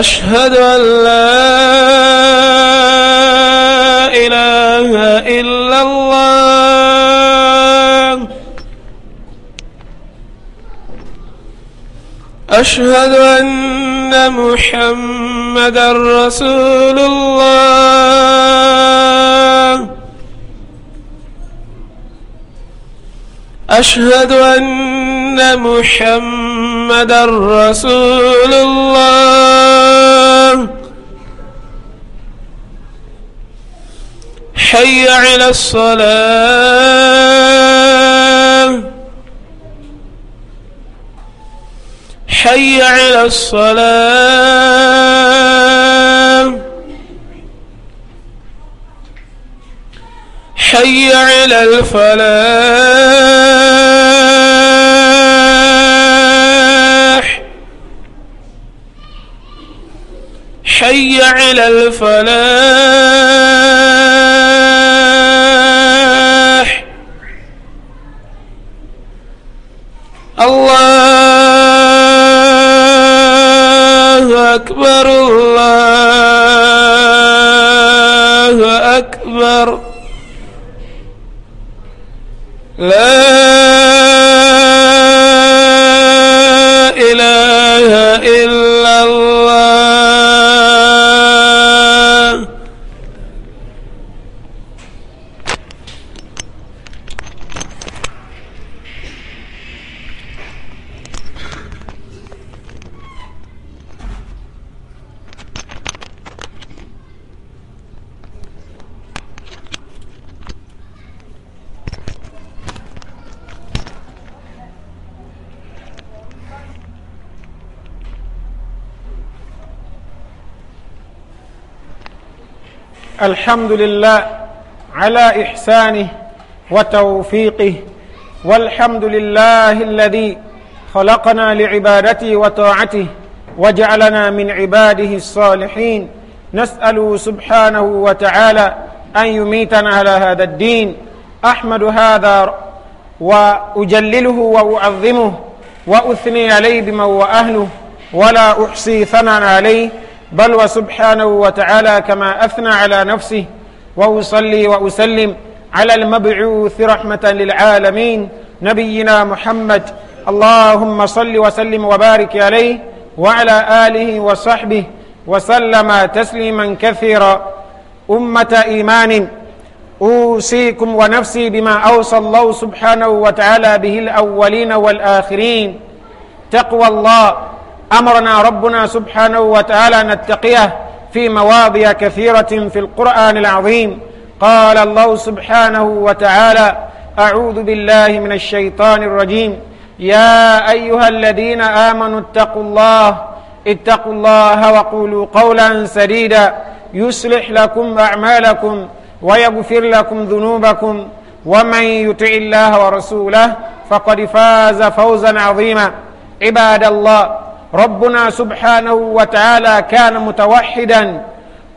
أشهد أن لا إله إلا الله أشهد أن محمد رسول الله أشهد أن محمد رسول الله حي على الصلاة حي على الصلاة حي على الفلاح حي على الفلاح الحمد لله على إحسانه وتوفيقه والحمد لله الذي خلقنا لعبادته وطاعته وجعلنا من عباده الصالحين نسأل سبحانه وتعالى أن يميتنا على هذا الدين أحمد هذا وأجلله وأعظمه وأثني عليه بمن وأهله ولا أحصي ثناء عليه بل وسبحانه وتعالى كما أثنى على نفسه وأصلي وأسلم على المبعوث رحمة للعالمين نبينا محمد اللهم صل وسلم وبارك عليه وعلى آله وصحبه وسلم تسليما كثيرا أمة إيمان أوصيكم ونفسي بما أوصى الله سبحانه وتعالى به الأولين والآخرين تقوى الله امرنا ربنا سبحانه وتعالى ان نتقيه في مواضع كثيره في القران العظيم قال الله سبحانه وتعالى اعوذ بالله من الشيطان الرجيم يا ايها الذين امنوا اتقوا الله اتقوا الله وقولوا قولا سديدا يصلح لكم اعمالكم ويغفر لكم ذنوبكم ومن يطع الله ورسوله فقد فاز فوزا عظيما عباد الله ربنا سبحانه وتعالى كان متوحدا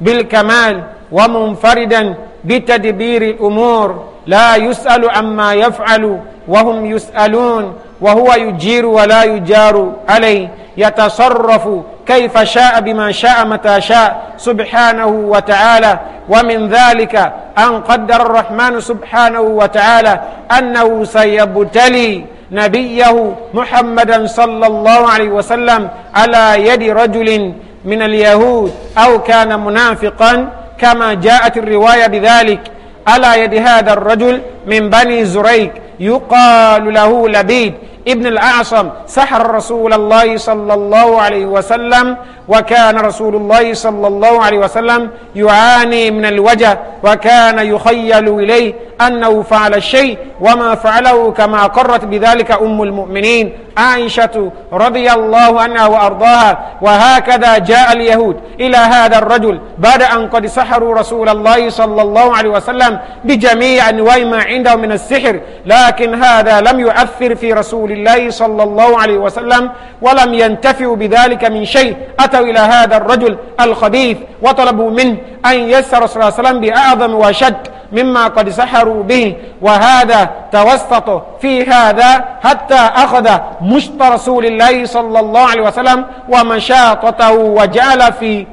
بالكمال ومنفردا بتدبير الأمور لا يسأل عما يفعل وهم يسألون وهو يجير ولا يجار عليه يتصرف كيف شاء بما شاء متى شاء سبحانه وتعالى ومن ذلك أن قدر الرحمن سبحانه وتعالى أنه سيبتلي نبيه محمدا صلى الله عليه وسلم على يد رجل من اليهود أو كان منافقا كما جاءت الرواية بذلك على يد هذا الرجل من بني زريك يقال له لبيد ابن الأعصم سحر رسول الله صلى الله عليه وسلم وكان رسول الله صلى الله عليه وسلم يعاني من الوجه وكان يخيل إليه أنه فعل الشيء وما فعله كما قرت بذلك أم المؤمنين عائشة رضي الله عنها وأرضاها وهكذا جاء اليهود إلى هذا الرجل بعد أن قد سحروا رسول الله صلى الله عليه وسلم بجميع أنواع ما عنده من السحر لكن هذا لم يؤثر في رسول الله صلى الله عليه وسلم ولم ينتفع بذلك من شيء أتوا إلى هذا الرجل الخبيث وطلبوا منه أن يسر صلى الله عليه وسلم بأعظم وشد مما قد سحروا به وهذا توسط في هذا حتى أخذ مشط رسول الله صلى الله عليه وسلم ومشاطته وجعل في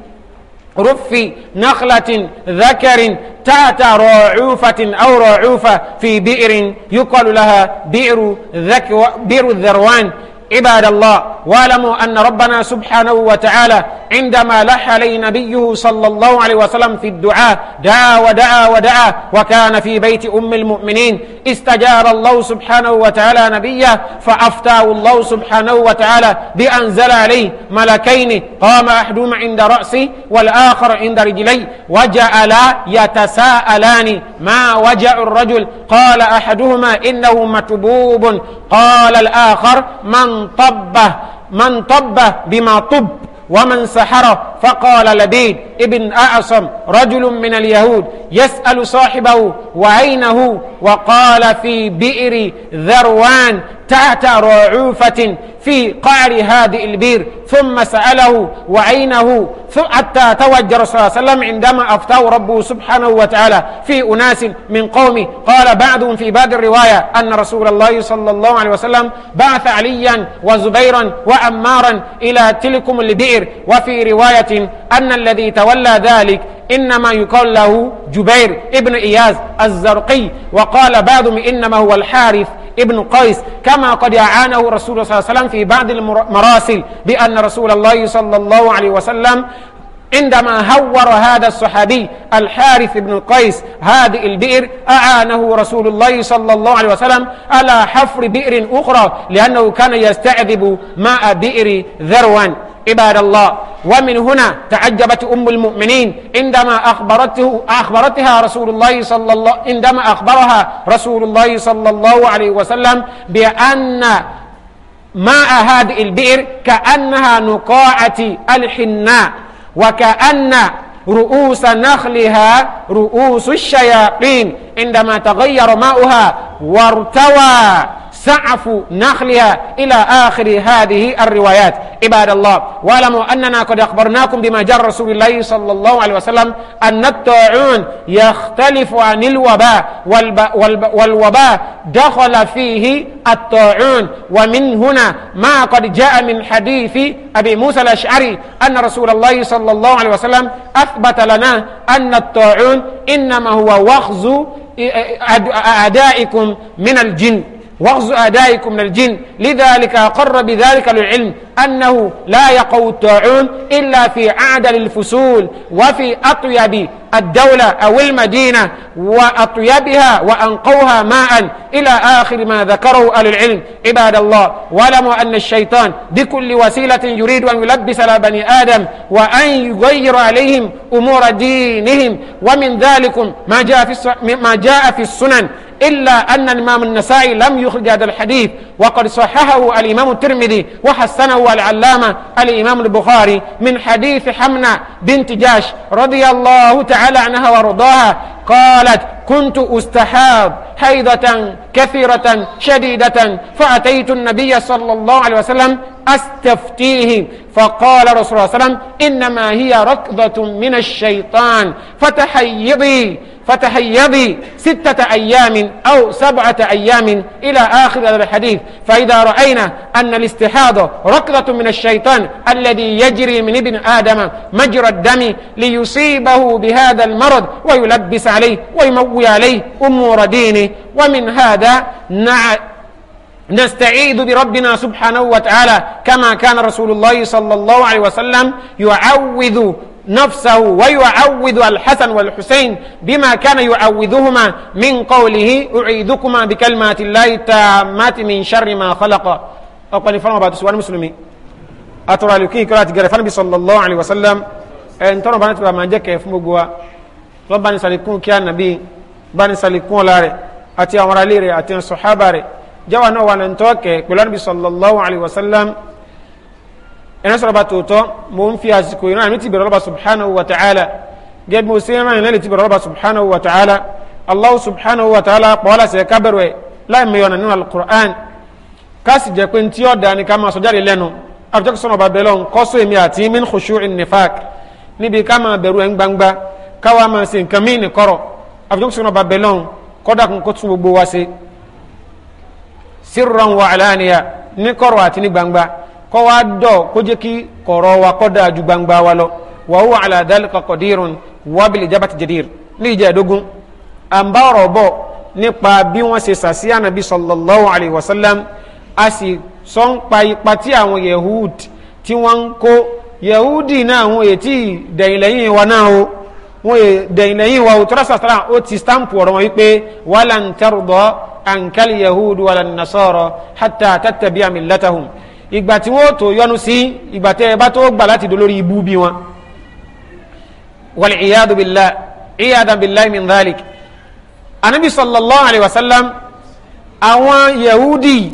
رف نخلة ذكر تأتى رعوفة أو رعوفة في بئر يقال لها بئر, ذك بئر الذروان عباد الله واعلموا أن ربنا سبحانه وتعالى عندما لح لي نبيه صلى الله عليه وسلم في الدعاء دعا ودعا ودعا وكان في بيت أم المؤمنين استجار الله سبحانه وتعالى نبيه فأفتاه الله سبحانه وتعالى بأنزل عليه ملكين قام أحدهما عند رأسي والآخر عند رجلي وجعلا يتساءلان ما وجع الرجل قال أحدهما إنه متبوب قال الآخر من طبه من طب بما طب ومن سحر فقال لبيد ابن أعصم رجل من اليهود يسأل صاحبه وعينه وقال في بئر ذروان تحت رعوفة في قعر هذه البير ثم سأله وعينه حتى توجه الرسول صلى الله عليه وسلم عندما أفتاه ربه سبحانه وتعالى في أناس من قومه قال بعضهم في بعض الرواية أن رسول الله صلى الله عليه وسلم بعث عليا وزبيرا وأمارا إلى تلكم البئر وفي رواية أن الذي تولى ذلك إنما يقال له جبير ابن إياز الزرقي وقال بعضهم إنما هو الحارث ابن قيس كما قد أعانه رسول صلى الله عليه وسلم في بعض المراسل بأن رسول الله صلى الله عليه وسلم عندما هور هذا الصحابي الحارث بن القيس هذه البئر أعانه رسول الله صلى الله عليه وسلم على حفر بئر أخرى لأنه كان يستعذب ماء بئر ذروان عباد الله ومن هنا تعجبت أم المؤمنين عندما أخبرته أخبرتها رسول الله صلى الله عندما أخبرها رسول الله صلى الله عليه وسلم بأن ماء هذه البئر كأنها نقاعة الحناء وكأن رؤوس نخلها رؤوس الشياطين عندما تغير ماؤها وارتوى سعف نخلها إلى آخر هذه الروايات عباد الله واعلموا أننا قد أخبرناكم بما جرى رسول الله صلى الله عليه وسلم أن الطاعون يختلف عن الوباء والب... والب... والوباء دخل فيه الطاعون ومن هنا ما قد جاء من حديث أبي موسى الأشعري أن رسول الله صلى الله عليه وسلم أثبت لنا أن الطاعون إنما هو وخز أعدائكم من الجن وغز أدائكم من الجن لذلك أقر بذلك للعلم أنه لا يقوى الطاعون إلا في أعدل الفصول وفي أطيب الدولة أو المدينة وأطيبها وأنقوها ماء إلى آخر ما ذكره أهل العلم عباد الله واعلموا أن الشيطان بكل وسيلة يريد أن يلبس على بني آدم وأن يغير عليهم أمور دينهم ومن ذلك ما جاء في ما جاء في السنن إلا أن الإمام النسائي لم يخرج هذا الحديث وقد صححه الإمام الترمذي وحسنه العلامة الإمام البخاري من حديث حمنة بنت جاش رضي الله تعالى عنها ورضاها قالت كنت أستحاب حيضة كثيرة شديدة فأتيت النبي صلى الله عليه وسلم أستفتيه فقال رسول الله صلى الله عليه وسلم إنما هي ركضة من الشيطان فتحيضي فتحيضي ستة أيام أو سبعة أيام إلى آخر هذا الحديث فإذا رأينا أن الاستحاضة ركضة من الشيطان الذي يجري من ابن آدم مجرى الدم ليصيبه بهذا المرض ويلبس عليه عليه ويموي عليه أمور دينه ومن هذا نع... نستعيذ بربنا سبحانه وتعالى كما كان رسول الله صلى الله عليه وسلم يعوذ نفسه ويعوذ الحسن والحسين بما كان يعوذهما من قوله أعيدكما بكلمات الله التامات من شر ما خلق أقول فرما بعد سؤال مسلمي أترى لكي كرات قرفان صلى الله عليه وسلم أن ترى بنات ما جاك يفمقوا lọ́n bá ní sàlékún kí ànàbí bá ní sàlékún ọ̀la rẹ̀ àti àwọn ará ilé rẹ̀ àti sọ̀hábà rẹ̀ jáwa náà wà ní tọ́kẹ̀ pẹ̀lú ànàbí sallallahu alayhi wa sallam ẹ̀rọ sọ̀rọ̀ bá tòótọ́ mo ń fi àsìkò ìran mi ti bẹ̀rẹ̀ lọ́ba subhanahu wa ta'ala gẹ́gẹ́ mo ṣe ń ràn lẹ́lẹ̀ ti bẹ̀rẹ̀ lọ́ba subhanahu wa ta'ala káwa máa ṣe nǹkan míì nìkọ̀rọ̀ àfijọ́ sọ̀rọ̀ bàbá lọ́hùn kọ́dà kún kó tún gbogbo wa ṣe sírran wa àlàáníyà níkọ̀rọ̀ àti ní gbangba kọ́ wa dọ̀ kó jẹ́ kí kọ̀rọ̀ wa kọ́dà ju gbangba wa lọ wa huwa ala dhalika qadirun wa bil ijabati jadir ní ìjà ìdógún à ń bá ọ̀rọ̀ bọ̀ nípa bí wọ́n ṣe sàṣí ànàbí sallallahu alayhi wa sallam a sì sọ ń pa ipa tí àwọn yehud tí wọ́n ń kó yehudi náà àwọn ètí ìdẹ̀yìnlẹ́yìn wa náà o wọn yẹ dẹ̀yìnà yìí wà òtúrọ̀ sàtàrà ó ti stamp ọ̀rọ̀ wọn wípé wàlà ń tẹrùdọ̀ àǹkálì yahudu wàlà ń nasọ̀rọ̀ hàtà tàtàbí àmì látàhùn ìgbà tí wọn tó yọnu sí ìgbà tẹ ẹ bá tó gbà láti dolórí ibú bí wọn. wàlẹ̀ ìyáàdù bìlá ìyáàdà bìlá min dhalik anabi sallallahu alayhi wa sallam àwọn yahudi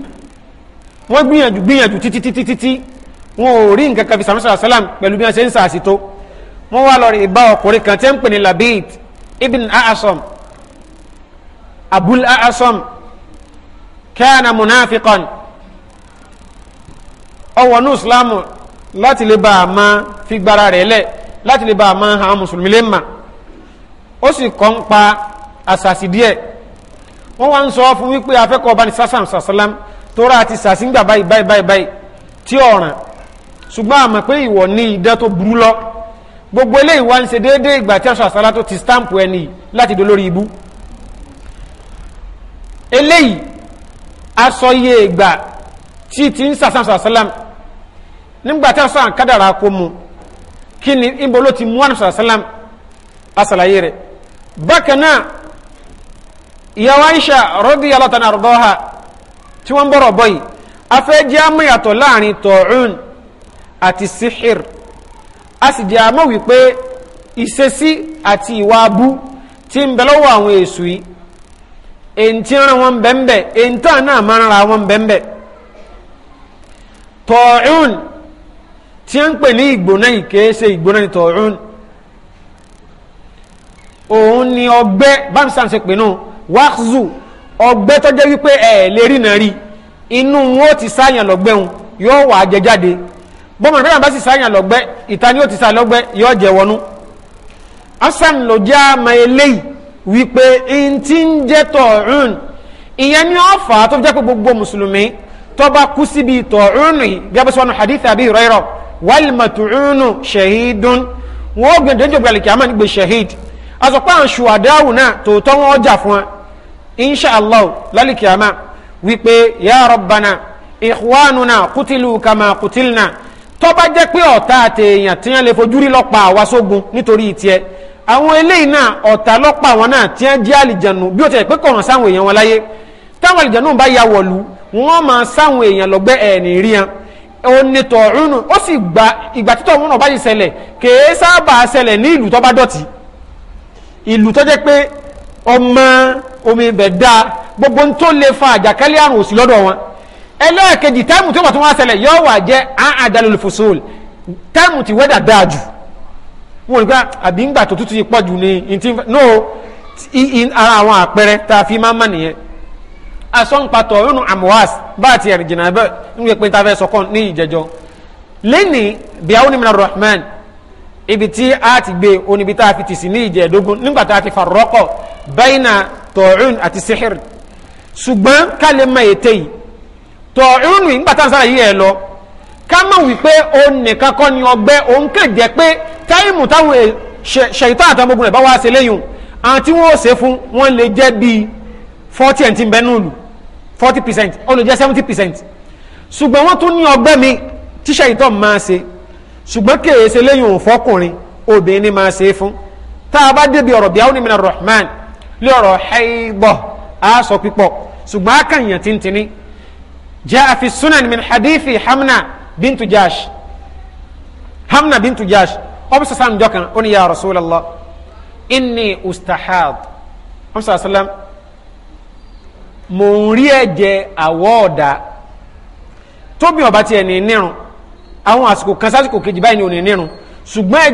wọn gbìyànjú gbìyànjú títí wọn ò rí nǹkan kan fi sàmúsàlá sàlám pẹ̀lú bí wọn ṣe ń sàásì tó wọ́n wá lọ rí bá ọkùnrin kan tẹ́ ń pè ní labid ibn aasom abul aasom kana munafiqan ọwọ́ ní islamu láti lè bá a máa fi gbára rẹ̀ lẹ̀ láti lè bá a máa hàn mùsùlùmí lè mà ó sì kọ́ ń pa àsàsì díẹ̀ wọ́n wá ń sọ fún wípé afẹ́kọ̀ọ́ bá ní sásàm sàsálám tó rà àti sàsíngbà báyìí báyìí báyìí tí ọ̀ràn ṣùgbọ́n àmọ̀ pé ìwọ ní idẹ́ tó burú lọ gbogbo eléyìí wá ń ṣe déédéé ìgbà tí aṣọ àṣàlá tó ti stamp ẹni láti dolórí ibú eléyìí aṣọ iye ìgbà tí ti ń sàṣàṣà sálám nígbà tí aṣọ àǹkádàrà kó mu kí ni ibo ló ti mú àṣà sálám aṣàlàyé rẹ̀ bákan náà ìyàwó Aisha radiyallahu ta'ala ardaha tí wọ́n ń bọ̀rọ̀ bọ́yì afẹ́jẹ́ amúyàtọ̀ láàrin tọ̀ọ̀ún àti sihir a sì jẹ́ àmọ́ wípé ìṣesí àti ìwà abú tí ń bẹ lọ́wọ́ àwọn èṣù yìí èyí tí ń ran wọn bẹ́ẹ̀nbẹ́ èyí tí àná máa ń ra wọn bẹ́ẹ̀nbẹ́ tọ̀ọ̀ún tí ń pè ní ìgbóná yìí kìí ṣe ìgbóná ní tọ̀ọ̀ún òun ni ọgbẹ́ bámsán ṣe pè náà wáxù ọgbẹ́ tó wípé ẹ̀ẹ́lérí náà rí inú wọn ó ti sáyàn lọ́gbẹ́ yóò wà á jẹ jáde bọ́mọ̀ nígbà bá sì sáyàn lọ́gbẹ́ ìta ni ó ti sá lọ́gbẹ́ yóò jẹ wọnú asan ló jẹ́ àmà eléyìí wípé n ti ń jẹ́ tọ̀ọ̀rùn ìyẹn ni ó fà á tó jẹ́ pé gbogbo mùsùlùmí tó bá kú síbi tọ̀ọ̀rùn yìí bí abẹ́sọ̀ wọn hadith àbí ìrọ̀rọ̀ wal mat'unu shahidun ó gbẹ̀dẹ̀ jọ̀gbẹ̀ àlèkè àmà nígbè shahid azọ̀pá àṣù àdáwù náà tòótọ́ wọn ọjà fún wa inshàlá lálìkè àmà wípé ya rabbana ikhwanuna qutilu kama qutilna tọ́ba jẹ́ pé ọ̀tá àti èèyàn tí wọ́n lè fojú rí lọ́pa àwa sógun nítorí tiẹ̀ àwọn eléyìí náà ọ̀tá lọ́pa àwọn náà tí wọ́n jẹ́ àlìjànù bí ó ti rẹ̀ pé kọ̀ràn sáwọn èèyàn wọn láyé táwọn àlìjànù bá ya wọ̀lú wọ́n máa sáwọn èèyàn lọ́gbẹ́ ẹ̀ẹ́nì rí yan onítọ̀ ọ̀rùnù ó sì gba ìgbà títọ̀ wọn náà bá yìí ṣẹlẹ̀ kèé sábà ṣẹlẹ̀ ní ìlú tọ́ba dọ̀tí ìlú tó pé ọmọ omi ibẹ̀ dáa gbogbo ń tó le fa àjàkálẹ̀ àrùn òsì lọ́dọ̀ wọn ẹlẹ́ẹ̀kejì táìmù tí ó bá tún wá ṣẹlẹ̀ yóò wà jẹ́ àádálò fòsòl táìmù tí wẹ́dà dáa jù wọn rí pé àbí ń gbà tó tútù yìí pọ̀ jù ní ntí no ara àwọn àpẹẹrẹ tá a fi máa ń mọ̀ nìyẹn asọ́npatọ̀ ọ̀rùn amuwas bá a ti ẹ̀rìn jìnnà bẹ́ẹ̀ ń pè tá a fẹ́ sọ̀kọ́ ní ìjẹjọ́ lẹ́ni bíyàwó ni mìíràn rahman ibi tí a ti gbé oníbi tá a fi tìsí ní ìjẹ̀ẹ́dógún nígbà tá a ti farọ́kọ̀ bẹ́yìnà tọ̀ọ̀rùn àti sihir ṣùgbọ́n ká lè mọ ète tọ̀ irúnù ìgbà tá à ń sára yìí ẹ̀ lọ ká mọ̀ wípé òun nìkan kọ́ ni ọgbẹ́ òun kàn jẹ́ pé táìmù táwọn ṣèyítọ́ àtàwọn ogun bá wá ṣe léyìn àwọn tí wọ́n ṣe fún wọn lè jẹ́ bíi forty and ti ń bẹ forty percent ó lè jẹ́ seventy percent ṣùgbọ́n wọ́n tún ní ọgbẹ́ mi tí ṣèyítọ́ máa ṣe ṣùgbọ́n kèé ṣe léyìn òun fọkùnrin obìnrin ni máa ṣe fún tá a bá débi ọ̀rọ̀ bíi àwọn ènìyàn rahman lé ọ̀rọ̀ ẹ̀ẹ́gbọ̀ جاء في السنن من حديث حمنا بنت جاش حمنا بنت جاش أبو سلام جوكا أني يا رسول الله إني أستحاض أبو صلى الله عليه وسلم موريجة أودا tóbi ọba tiẹ̀ ní nírun àwọn àsìkò kan sásìkò kejì báyìí ní òní nírun ṣùgbọ́n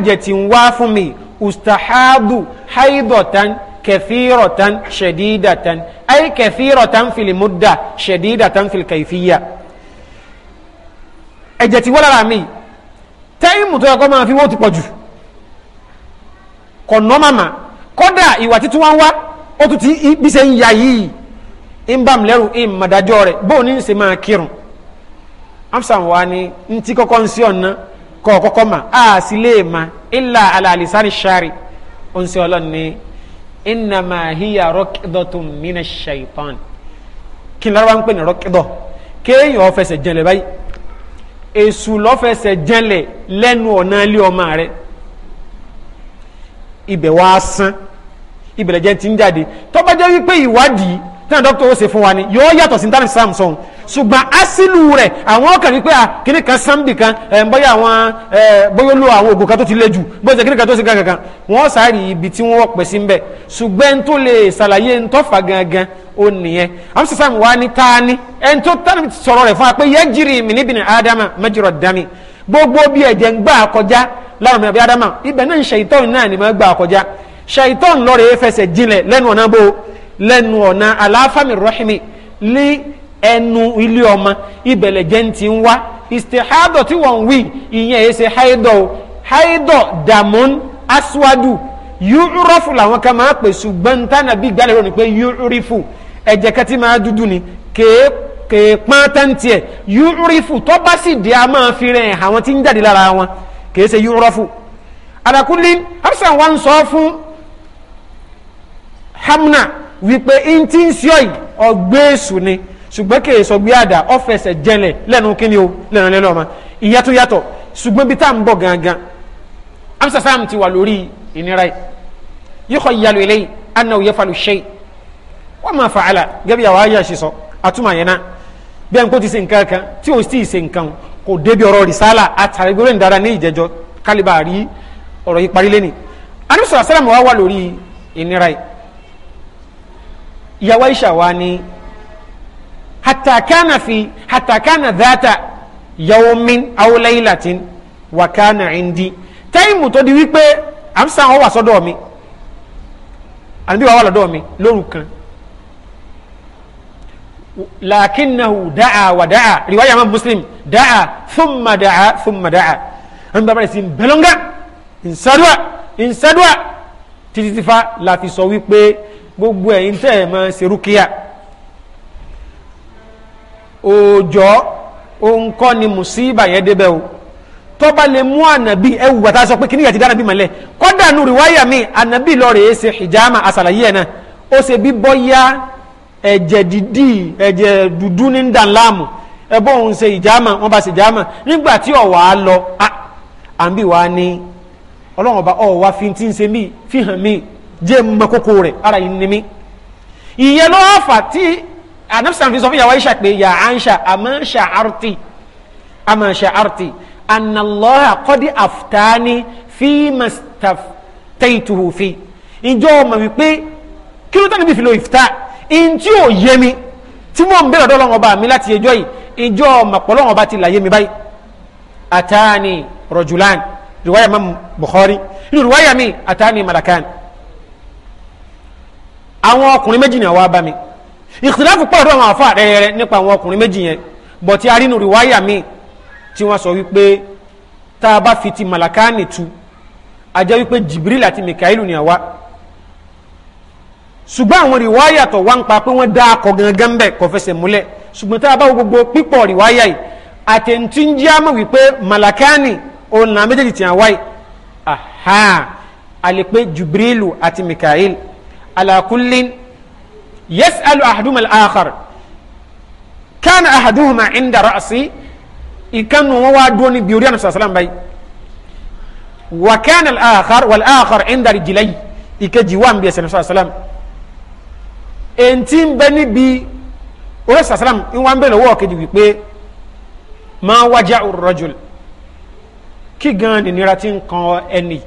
ẹ̀jẹ̀ كثيرة شديدة أي كثيرة في المدة شديدة في الكيفية ẹ̀jẹ̀ tí wọ́n lára mi táìmù tó yẹ kó máa fi wó ti pọ̀ jù kọ̀nà màmá kọ́dà ìwà títún wá ń wá ó tún ti bí ṣe ń ya yìí ń bá mi lẹ́rù ń màdájọ́ rẹ̀ bóun ní ṣe máa kírun amsan wa ni n ti kọ́kọ́ ń sí ọ̀nà kọ́ kọ́kọ́ mà á sì lè mà ilà alàlìsàn ṣáàrì ó ń ṣe ọlọ́run innama hiya rọkidọtun mina shaitan kí n lọ́wọ́ ń pè ní rọkidọ kéèyàn ọ̀fẹsẹ̀ jẹlẹ̀ báyìí èṣù lọ́fẹsẹ̀ jẹlẹ̀ lẹ́nu ọ̀nà ilé ọmọ rẹ̀ ibẹ̀ wá sán ibẹ̀ lẹ́jẹ̀ ti ń jáde tó wípé ìwádìí náà dókítà ó ṣe fún wa ni yóò yàtọ̀ sí tánà sam sọ̀hún ṣùgbọ́n asínú rẹ̀ àwọn ọkàn wípé kíní kan sáǹbì kan bóyá àwọn bóyá lo àwọn ògùn kan tó ti lé jù bóyá ṣe kíní kan tó ṣe kankan wọ́n sáré ibi tí wọ́n pẹ̀ sí mbẹ̀ ṣùgbọ́n tó lè ṣàlàyé ń tọ́fà gangan ó nìyẹn amsa sam wa ni taani ẹni tó tán sọ̀rọ̀ rẹ̀ fún wa pé yẹ jìrì mí níbi ní adama mẹjọrọ dami gbogbo bí ẹ̀jẹ̀ ń gbà kọjá láwọn ọmọ ẹ̀bí lẹ́nu ọ̀nà aláfàmì rọ́ṣìmì lé ẹnu ilé ọmọ ibẹ̀lẹ̀ jẹ́ ń ti ń wá istihadọ̀ tí wọ́n ń wí ìyẹn èyí ṣe haidọ̀ o haidọ̀ dàmún aswadu yúrọ́fù làwọn kan máa pè ṣùgbọ́n tánà bí gbálẹ̀ rò ní pé yúrífù ẹ̀jẹ̀ kan ti máa dúdú ni kéé kéé pọ́n táǹtì ẹ̀ yúrífù tó bá sì di a máa fi rẹ̀ àwọn tí ń jáde lára wọn kéé ṣe yúrọ́fù alákùnrin hafsan wa ń sọ fún hamna wípé ntí ń sọ yìí ọgbẹ́sù ni ṣùgbọ́n kì í sọgbẹ́ àdá ọ̀fẹsẹ̀ jẹlẹ̀ lẹ́nu kíni o lẹ́nu lẹ́nu ọmọ ìyàtọ̀ yàtọ̀ ṣùgbọ́n bí tá à ń bọ̀ gangan amsasam ti wà lórí ìnira yìí yíkọ ìyàlú eléyìí anna òye falu ṣe wọn máa fàálà gẹbi àwọn ayé àṣìṣọ àtúmọ̀ àyẹ̀nà bẹ́ẹ̀ nkó ti ṣe nǹkan kan tí o sì ṣe nǹkan kò débi ọ̀rọ̀ rìsálà àtàrígbéró ìdára ní ìjẹjọ kálíbà rí ọ̀rọ̀ yìí parí lẹ́ni anamsọ̀rọ̀ sálàmù wa wà lórí ìnira yìí ìyàwó Aisha wa ni hatta kana fi hatta kana dhata yawmin aw laylatin wa kana indi táìmù tó di wípé amsa wọn wà sọ́dọ̀ mi àbí wà wà lọ́dọ̀ mi lóru kan lakinnahu da'a wa da'a riwaya ma muslim da'a thumma da'a thumma da'a an bàbá rẹ̀ sí bẹ́lọ́ngà nsàdúà nsàdúà títí fa la sọ wípé gbogbo ẹ̀yin tẹ́ ẹ̀ máa ṣe rúkìá òòjọ́ òǹkọ́ ni mùsíbà yẹn débẹ̀ o tọ́ba lè mú ànàbí ẹwù bàtà sọ pé kí níyàtí dára bí mọ̀lẹ́ kọ́dà nù rìwáyà mi ànàbí lọ rèé ṣe hijama àṣàlàyé ẹ̀ náà ó ṣe bí bọ́yá ẹ̀jẹ̀ dídì ẹ̀jẹ̀ dúdú ní dàlámù ẹ̀bọ́n òun ṣe hijama wọ́n bá ṣe hijama nígbà tí ọ̀wà á lọ àǹbí wa ni ọlọ́run ọba ọ̀wà fi ti ń ṣe mí fi hàn mí jẹ́ mọ kókó rẹ̀ ara yìí ni mí ìyẹn ló wá fà tí anabisam fi sọ fún yàwá Aisha pé yà Aisha àmọ́ ṣàártì àmọ́ ṣàártì anallaha qad aftani fi mastaftaytuhu fi ìjọ ọmọ wípé kí ló tẹ́lẹ̀ bí fi lo ìfta ò yé mi tí mò ń bẹ̀rẹ̀ ọ̀dọ́ ọlọ́run ọba mi láti ẹjọ́ yìí ìjọ ọmọ pọ̀lọ́run ọba ti là mi báyìí àtàní rọ̀jùlán rìwáyà Bukhari rìwáyà mi àtàní àwọn ọkùnrin méjì ni àwọn abami ìkìláàfù pọ̀ lọ́dọ̀ àwọn àfa rẹ̀rẹ̀ nípa àwọn ọkùnrin méjì yẹn bọ̀ tí a rí nùrí wáyà míì tí wọ́n sọ wípé tá a bá fi ti màlàkáàni tu a jẹ́ wípé Jibril àti Mikailu ni àwa ṣùgbọ́n àwọn rìwáyà tó wá ń pa pé wọ́n dá akọ gangan bẹ́ẹ̀ kò fẹsẹ̀ múlẹ̀ ṣùgbọ́n tá a bá wo gbogbo pípọ̀ rìwáyà yìí àtẹ̀ntì ń jẹ́ àmọ́ wípé màlàkáàni òun méjèèjì ti àwa yìí àlè pé Jibrilu àti Mikailu ala kullin yas'alu ahaduhum al-akhar kana ahaduhum inda ra'si ikanu wa wa doni bi ori anasa salam bai wa kana al-akhar wal akhar inda rijlai ìkejì wa nbi anasa salam entin bani bi ori anasa salam in wa nbe lọ́wọ́ kejì wí pé ma waja'u rajul kí gan ni nira kan ẹni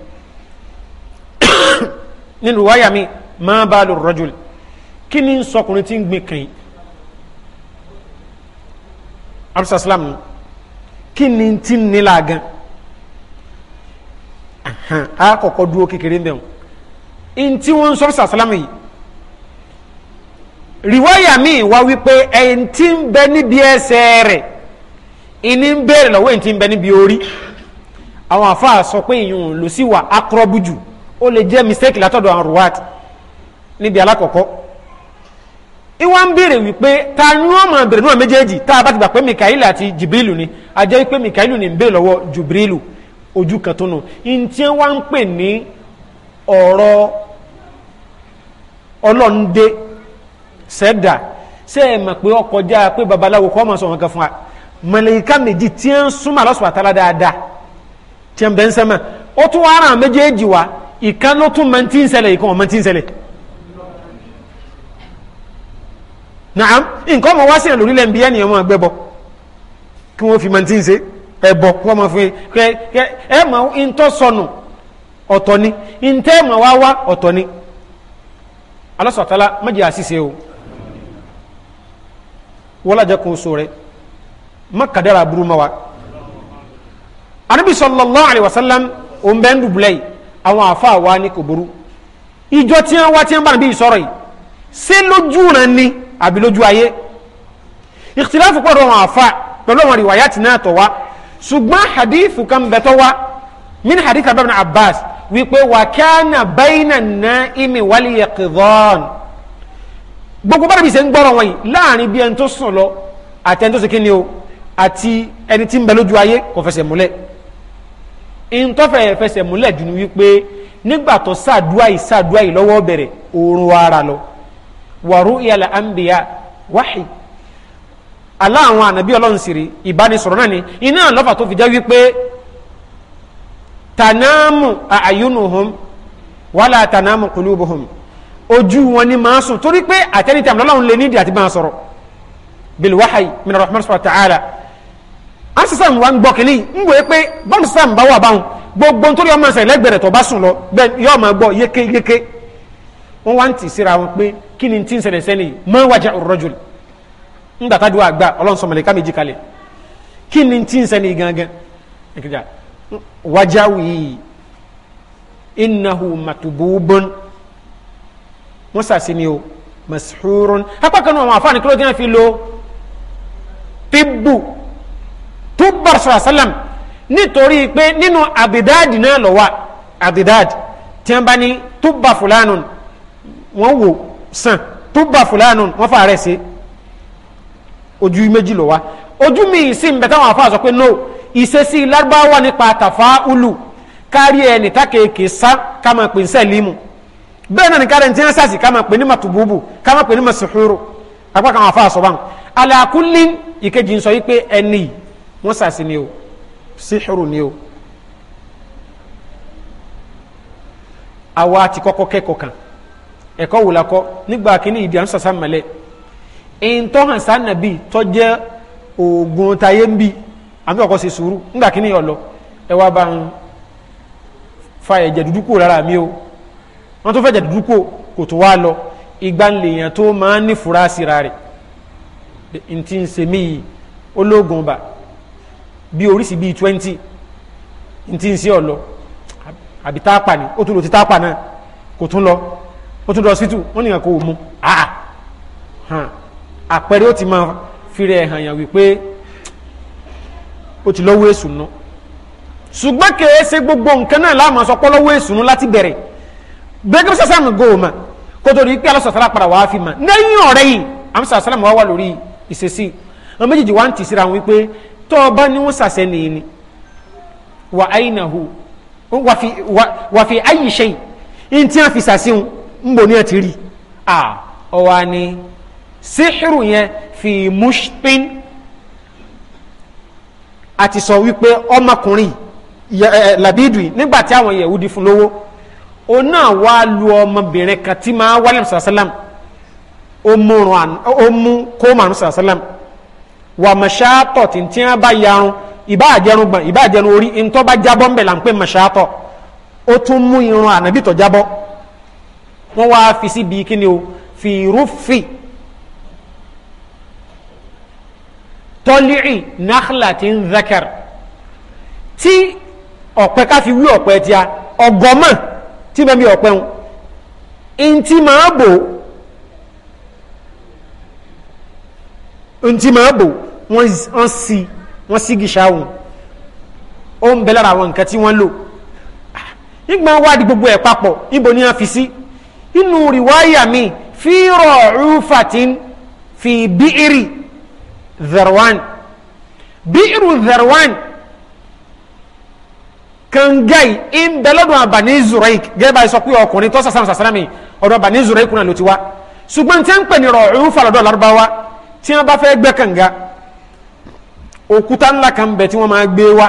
nínú waya mi máa bá lò rọ́jò kí ni sọkùnrin tí ń gbin kàn abisa silam kí ni ti nílà gan a kọ́kọ́ dúró kékeré bẹ́ẹ̀ o ntí wọn sọ abisa silam yìí riwaya mi wá wípé ẹ̀yìn tí ń bẹ níbi ẹsẹ̀ rẹ̀ ìní ń bẹ̀rẹ̀ lọ́wọ́ ẹ̀yìn tí ń bẹ níbi orí àwọn àfáà sọ pé ìyún lò sí wà akọrọ́bùjù ó lè jẹ́ mistake látọ̀dọ̀ àwọn níbi alákọ̀ọ́kọ́ ìwà ń béèrè wípé ta ni wọ́n máa béèrè níwọ̀n méjèèjì tá a bá ti gbà pé mikael àti jibrilu ni a jẹ́ pé mikael ni ń béèrè lọ́wọ́ jibrilu ojú kan tó nù ntí wọ́n ń pè ní ọ̀rọ̀ ọlọ́ndé sẹ́dà ṣé ẹ mọ̀ pé ọkọjá pé babaláwo kọ́ máa sọ wọn kan fún wa màláíkà méjì tí ń súnmọ́ àlọ́sùn àtàlà dáadáa tí ń bẹ́ ń sẹ́mọ̀ ó tún wá ara méjèèjì wa ìkan ló tún máa ń tí ń ṣẹlẹ̀ ìkan naam nǹkan ọmọ wá sí ẹ̀ lórílẹ̀ nbí ẹnìyàn máa gbẹ́bọ kí wọ́n fi máa ti ń ṣe ẹ̀bọ kí wọ́n máa fi ẹ ẹ mọ ntọ́ sọnù ọ̀tọ̀ ni ntẹ́ mọ̀ wá wá ọ̀tọ̀ ni alásọ̀tálá méjì àṣìṣe o wọ́n lájà so rẹ̀ má aburú ma wa anabi sallallahu alayhi wa sallam òun bẹ́ẹ̀ ń dùbúlẹ̀ yìí àwọn àfa àwa ni kò burú ìjọ tí wá tí bá níbi ìsọ̀rọ̀ yìí ṣé lójú rẹ̀ ni àbí lójú ayé ìtìláfù pọ̀ lọ́wọ́ àfa pẹ̀lú àwọn ìwàyà tì náà tọ̀ wá ṣùgbọ́n hadith kan bẹ̀ tọ́ wá min hadith abẹ́rẹ́ náà abbas wípé wà kánà bẹ́ẹ̀nà náà imi wálé yẹ̀kìdọ́n gbogbo bá dàbí ṣe ń gbọ́rọ̀ wọ̀nyí láàrin bí ẹni tó sùn lọ àti ẹni tó ṣe kíni o àti ẹni tí ń bẹ lójú ayé kò fẹsẹ̀ múlẹ̀ ìntọ́fẹ̀ fẹsẹ̀ múlẹ̀ jù wípé nígbà tó ṣàdúrà yìí ṣàdúrà yìí lọ́wọ́ bẹ̀rẹ̀ oorun wa ara lọ wàrú ìyàlẹ̀ àmbìyà wáhì aláwọn ànàbí ọlọ́run sì rí ìbánisọ̀rọ̀ náà ni iná lọ́fà tó fi jẹ́ wípé tànáàmù àyùnùhùn wàlà tànáàmù kùlùbùhùn ojú wọn ni máa sùn torí pé àtẹnitẹ̀mù lọ́lọ́run lè nídìí àti máa sọ̀rọ̀ bilwahayi min rahman sọ̀rọ̀ ta'ala asísàn wa ń gbọ́ ń wòye pé bọ́ọ̀lù sísàn bá wà báwọn gbogbo nítorí ọmọ sẹ̀ lẹ́gbẹ̀rẹ̀ tó bá sùn lọ bẹ́ẹ̀ yóò máa gbọ́ yékéyéké wọ́n wá ń tì síra wọn pé kí ni tí ń ṣẹlẹ̀ sẹ́ni mọ́ wájà rọ́jò ńgbà tá a dùn àgbà ọlọ́run sọ mọ̀lẹ́ká méjì kalẹ̀ kí ni tí ń ṣẹni gangan ìkìjà wájà wìí innahu matububun wọ́n sàṣì ni o mashurun apá kan náà àwọn àfáàní kí ló dín fi lo tibbu tubar sàlám nítorí pé nínú àbídáàdì náà lọ wà àbídáàdì tí wọ́n bá ní tubar fulanun wọ́n wò sàn tó bá fúlànù wọn fà rẹ̀ sí ojú méjì ló wá ojú mi sì ń bẹ táwọn afọ àsọ pé no ìṣesí lárúbáwá nípa tàfá ulu kárí ẹni tákèéké sá ká máa pè ń sẹ́límù bẹ́ẹ̀ náà ní kárí ẹni tí wọ́n sàṣì ká máa pè ní màtúbùbù ká máa pè ní màsùhúrù apá kan afọ àsọ báwọn alákùnlé ìkejì ń sọ yìí pé ẹni wọ́n sàṣì ni o síhùrù ni o. àwa ti kọ́kọ́ kẹ́kọ̀ọ́ kan ẹ̀kọ́ wò lakọ́ nígbà kínní ìdí àwọn sàṣà mẹ́lẹ̀ ìntọ́ hàn sá nàbí tọ́jẹ́ oògùn tayé ń bì àbí ọkọ̀ ṣe sùúrù nígbà kínní ọ̀lọ́ ẹ wá bá ń fa ẹ̀jẹ̀ dúdú kúrò lára mi o wọ́n tó fẹ́ ẹ̀jẹ̀ dúdú kúrò kò tó wá lọ ìgbà lèèyàn tó máa ń ní fura síra rẹ̀ ntí ń ṣe mí yìí ológun bá bí oríṣi bíi twenty ntí ń ṣe àbí tápà ni ó tún lò ti tápà náà kò tún lọ ó tún lọ síìtù wọ́n nìyàn kò mú ah, ah. àpẹẹrẹ ó ti máa fìrẹ̀ hàn yàn wípé ó ti lọ́wọ́ èsù nù ṣùgbọ́n kìí ṣe gbogbo nǹkan náà láàmú sọ pé lọ́wọ́ èsù nù láti bẹ̀rẹ̀ gbẹ́gbẹ́ sàṣàmù gòòmà kó tó di pé alásàsàrà padà wàá fi mà lẹ́yìn ọ̀rẹ́ yìí àmúṣà sàlámù wà wà lórí ìṣesí àwọn méjèèjì wá ń tì síra wọn wípé tó o bá ní wọn ṣàṣẹ nìyí ni wà áyìnà hù wà fi àyè ṣe yìí ntí wọn fi ṣàṣẹ wọn ń bò ní ẹ ti rí à ọwọ́ ni síhìrù yẹn fi mushpin àti sọ wípé ọmọkùnrin làbídù nígbà tí àwọn yẹ̀wùdí fún lówó ó náà wá lu ọmọbìnrin kan tí máa wálé sàlám ó mú kó màrún sàlám wà mọ̀ṣáàtọ̀ tí tí bá yarun ìbáàjẹrun gbọ̀n ìbáàjẹrun orí ntọ́ bá jábọ́ ńbẹ̀ là ń pè mọ̀ṣáàtọ̀ ó tún mú irun ànábìtọ̀ jábọ́ wọ́n wá fi síbi kíni o fi rúfì tọ́lìrì náxlà ti ń zakar tí ọ̀pẹ ká fi wí ọ̀pẹ tí a ọgọ́mọ̀ tí bẹ́ẹ̀ bí ọ̀pẹ ń ntí máa bò ntí máa bò wọ́n si wọ́n si gìṣà wọn ó ń bẹ lára àwọn nǹkan tí wọ́n lò nígbà wá di gbogbo ẹ̀ papọ̀ ibo ni wọ́n fi sí. Si inú riwaya mi fi rọ̀ọ́fàtín fi bíírì zarwan bíírù zarwan kangai in bẹlẹ́dùn àbàní zuraik gẹ́gẹ́ bá sọ pé ọkùnrin tó sàsàmù sàsàmì ọ̀dọ̀ àbàní zuraik náà ló ti wá ṣùgbọ́n tí wọ́n pè ní rọ̀ọ́fà lọ́dọ̀ lárúbáwá tí wọ́n bá fẹ́ gbẹ́ kànga òkúta ńlá kan bẹ̀ tí wọ́n máa gbé wá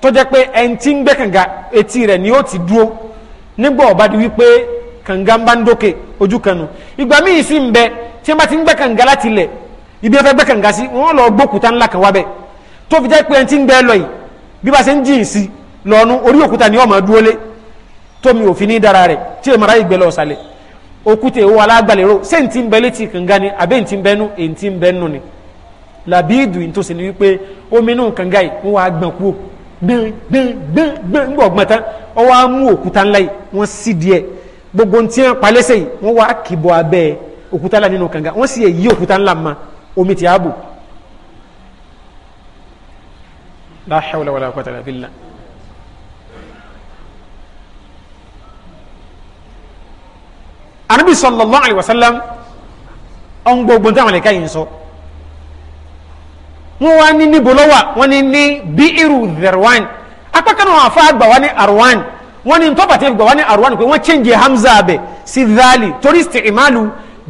tó jẹ́ pé ẹni tí ń gbẹ́ kànga etí rẹ̀ ni ó ti dúró nígbà ọ̀bá kànga bá ń dókè ojú kan nu ìgbà míì sì ń bẹ tí wọn bá ti ń gbẹ́ kànga láti lẹ̀ ibi ẹfẹ́ gbẹ́ kànga sí wọn lọ gbókùtà ńlá kan wá bẹ tó fi jẹ́ pé ẹni tí ń gbẹ́ lọ yìí bí bá ṣe ń jìn sí lọ́nu orí òkúta ni ọmọ dúró lé tómi òfin ní dára rẹ̀ tí èèmọ̀ ráyè gbẹ lọ sálẹ̀ òkúta èwo alágbàlérò ṣé ntí ń bẹ létí kànga ni àbẹ́ ntí ń bẹ nú èntí ń bẹ nú ni làbíìdù ìtòsí ni wípé gbogbo ntí wọn palẹ́sẹ̀ yìí wọ́n wá kìbọ̀ abẹ́ òkúta ńlá nínú kànga wọ́n sì yẹ yí òkúta ńlá ma omi ti ààbò. la hawla wala quwwata illa anabi sallallahu alayhi wa sallam ọ̀n gbogbo ntí àwọn ẹ̀ka yìí ń sọ. wọ́n wá ní níbo lọ́wọ́ wọ́n ní ní bí irú dẹ̀rọ̀wán apá kan wọn àfa àgbà wá ní arwan wọ́n ní tọ́pà tí wọ́n ní àrùwá ni pé wọ́n change hamza abẹ sí dhali torí istimalu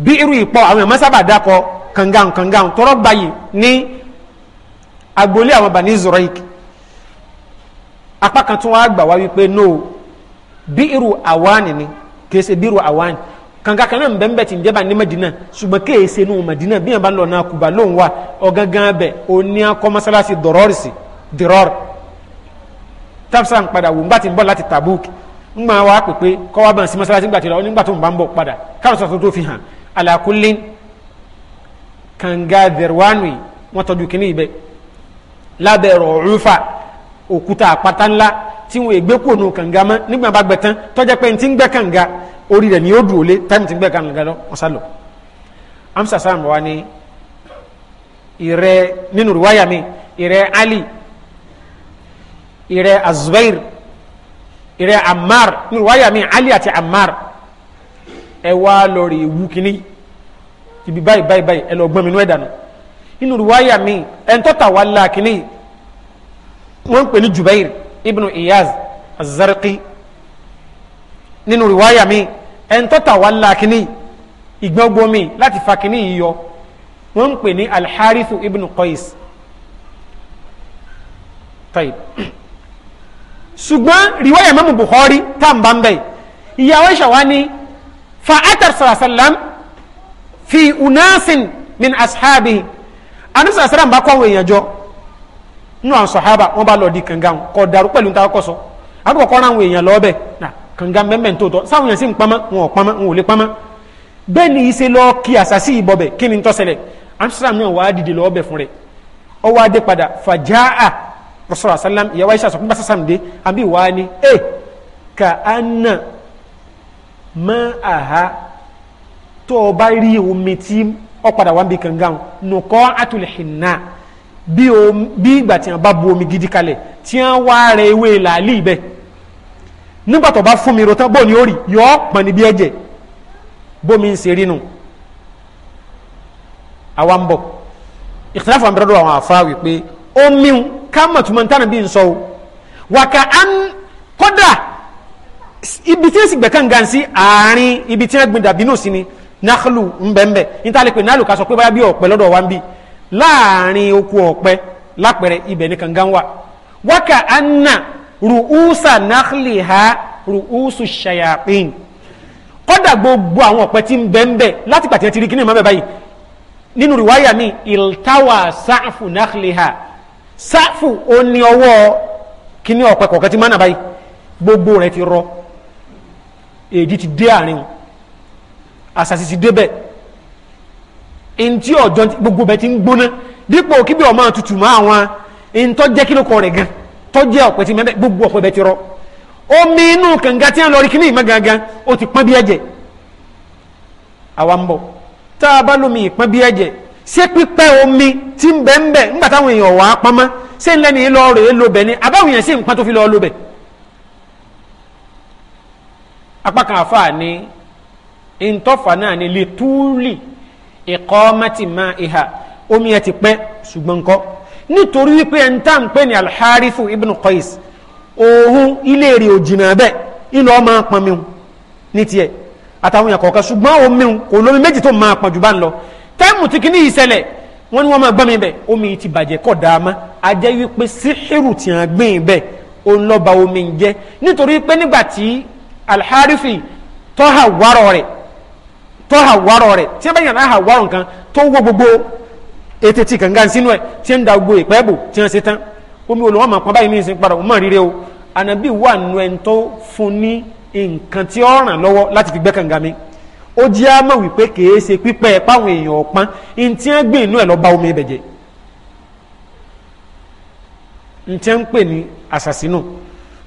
bí irú ìpọ̀ àwọn èèyàn sábà dákọ kangan kangan tọrọ gbayì ní agboolé àwọn bani zoraik apá kan tí wọ́n gbà wá wípé no bí irú àwáni ni kì í ṣe bí irú àwáni kankan kan náà ń bẹ́ ń jẹ́bà ní madina ṣùgbọ́n kì í ṣe madina bí yẹn bá ń lọ náà kùbà lóun wa ọ̀gángan abẹ òní akọ́ masalasi dọ̀rọ́rì dọ̀rọ́rì tafsa ń padà wò ń gbà tí ń bọ̀ láti Tabuk ń máa wá pèpè kọ́ wá bá sí mọ́sálásí gbà lọ nígbà tó bá ń bọ̀ padà káwọn sọ̀tún tó fi hàn ala kullin kànga dẹ̀rọ̀wánù wọn tọ́jú kínní ibẹ̀ lábẹ́ rọ̀ọ́rùfà òkúta àpáta ńlá tí wọn ègbé kò nù kànga mọ́ nígbà bá gbẹ tán tọ́jà pé ní ti ń orí rẹ̀ ni ó dùn ó lé táìmù ti ń gbẹ kànga lọ wọn sá lọ. amsa mọ̀ wá ní ìrẹ́ nínú ìwáyà ìrẹ́ Ali ìrẹ azubair ìrẹ ammar ní ìwáyà mi ali àti ammar ẹ wá lórí ìwú kínní ibi báyìí báyìí báyìí ẹ lọ gbọ́n mi nú ẹ̀ dànù nínú ìwáyà mi ẹ̀ ń tọ́ta wà lá kínní wọ́n ń pè ní jubair ibnu iyaz azarqi nínú ìwáyà mi ẹ̀ ń tọ́ta wà lá kínní ìgbọ́gbọ́ láti fa kínní yìí yọ wọ́n ń pè ní alharithu ibnu qais. طيب ṣùgbọ́n riwaya mẹ́mu Bukhari tá n bá ń bẹ̀ ìyàwó ìṣàwá ni fa atar sàlám fi unasin min ashabi anisa sàlám bá kọ́ àwọn èèyàn jọ nínú àwọn sọ̀hábà wọ́n bá lọ di kàngan kọ́ dàrú pẹ̀lú níta kọ́ sọ àdúgbò kọ́ àwọn èèyàn lọ́ọ́bẹ̀ nà kàngan mẹ́mẹ́ tó tọ́ sáwọn èèyàn sì ń pamọ́ wọn ò pamọ́ wọn ò lè pamọ́ bẹ́ẹ̀ ni ìṣe lọ kí àṣàṣì ìbọ̀bẹ̀ kí ni tọ́sẹ̀lẹ̀ anisa náà wàá dìde lọ́ọ́bẹ̀ fún rẹ̀ ọwọ́ adé padà fàjáà rasulullah sallam ìyàwó aisha sọ fún basa samde àbí wàá ni e ka anna ma aha tó o bá rí omi tí ọ padà wá bí kankan nùkọ́ àtúlẹ̀hìnà bí ìgbà tí wọn bá bu omi gidi kalẹ̀ tí wọn wá rẹ ewé làálì bẹ nígbà tó bá fún mi rotan bó ni ó rí yọ ọ pọn níbi ẹ̀jẹ̀ bómi ń ṣe rí nu àwa ń bọ ìtìláfọ̀ àmì rẹ̀ lọ́wọ́ àwọn àfa wípé ó mímu Kama mọ̀túmọ̀ntánà na n sọ wàkà án kọ́dà ibi tí èsì gbẹ̀kànga sí àárín ibi tí wọ́n gbin dàbí náà sí ni náàlù ńbẹ̀ńbẹ̀ nítàlẹ́pẹ̀ náàlù ká sọ pé báyà bí ọ̀pẹ lọ́dọ̀ wa ń bí láàrin oko ọ̀pẹ lápẹ̀rẹ̀ ibẹ̀ ní kànga wà wákà anna ru'usa náàlì ha ru'usu shayatin kọ́dà gbogbo àwọn ọ̀pẹ tí ń bẹ́ńbẹ̀ láti pàtẹ́ ti rí kíní mọ́bẹ̀ báyìí nínú rìwáyà mi ìltáwà sáàfù náàlì ha sáfù ó ní ọwọ́ kíní ọ̀pẹ kọ̀ọ̀kan tí mánà báyìí gbogbo rẹ̀ ti rọ èdè ti dé àárín àṣàṣì ti débẹ̀ ntí ọjọ́ gbogbo bẹ̀ ti ń gbóná dípò kíbi ọmọ tutù mọ́ àwọn ntọ́ jẹ́ kí ló kọ rẹ̀ gan tọ́ jẹ́ ọ̀pẹ ti mẹ́bẹ̀ gbogbo ọ̀pẹ bẹ̀ ti rọ omi inú kànga tí wọ́n lọ rí kíní ìmọ̀ gangan ó ti pọ́n bí ẹ̀jẹ̀ àwa ń bọ̀ tá a bá lómi ìpọ́n bí ẹ̀jẹ̀ ṣé pípẹ́ omi tí ń bẹ́ ń bẹ́ ńgbà táwọn èèyàn wà á pamọ́ ṣé ń lẹ́ni lọ rèé lobẹ̀ ni àbáwọn èèyàn sì ń tó fi lọ lobẹ̀. apá kan àfa ni ntọ́fà náà ni lè túlì ìkọ́ mẹ́tìmá ìhà omi ẹ̀ ti pẹ́ ṣùgbọ́n kọ́ nítorí wípé ẹ̀ ń tà ń pè ní alḥarifu ibn qais òhun ilé rè ò jìnnà bẹ́ẹ̀ ilé ọmọ pọnmi ní tiẹ̀ àtàwọn èèyàn kọ̀ọ̀kan ṣùgbọ́n omi kò lómi méjì tó máa pọ̀jù bá ń lọ táìmù tí kìíní yìí ṣẹlẹ̀ wọ́n ní wọ́n máa gbọ́n mi bẹ́ẹ̀ omi ti bàjẹ́ kọ́ da ma ajẹ́ wípé síhìrù tí wọ́n gbìn bẹ́ẹ̀ ó ń lọ́ba omi ń jẹ́ nítorí pé nígbà tí alharifi tọ́hà wárọ̀ rẹ̀ tọ́hà wárọ̀ rẹ̀ tí wọ́n bá wárọ̀ nǹkan tó gbogbo ètè tí kànga sínú ẹ̀ tí wọ́n da gbogbo ìpẹ́ omi olùwọ́n máa pọn báyìí ní ìsìn padà ó jẹ́ àmọ̀ wípé kìí ṣe pípẹ́ páwọn èèyàn ọ̀pọ̀n ntí ń gbìn inú ẹ̀ lọ́ba omi ibẹ̀ jẹ́ ntí ń pè ní àṣàṣínú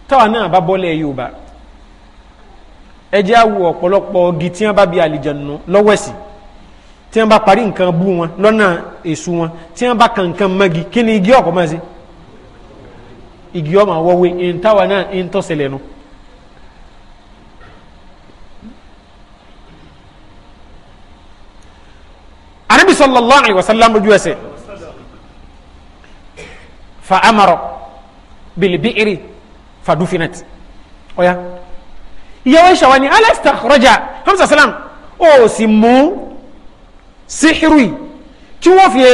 táwa náà bá bọ́lẹ̀ Yorùbá ẹ jẹ́ àwọ̀ ọ̀pọ̀lọpọ̀ ọ̀gì tí wọ́n bá bi àlìjànù lọ́wọ́sì tí wọ́n bá parí nǹkan bú wọn lọ́nà èṣù wọn tí wọ́n bá kan nǹkan mọ́gi kí ni igi ọ̀pọ̀ máa ṣe igi ọmọ àwọ̀wé ntàwa náà ń tọ́sẹ̀lẹ̀ anabi sallallahu alayhi wa sallam lójú ẹsẹ̀ fa amarọ bilibiiri fa dufinat ọ̀ya ìyàwó ìṣàwá ni alasta rọjà hamsa salam ó sì mú síhírì tí wọ́n fi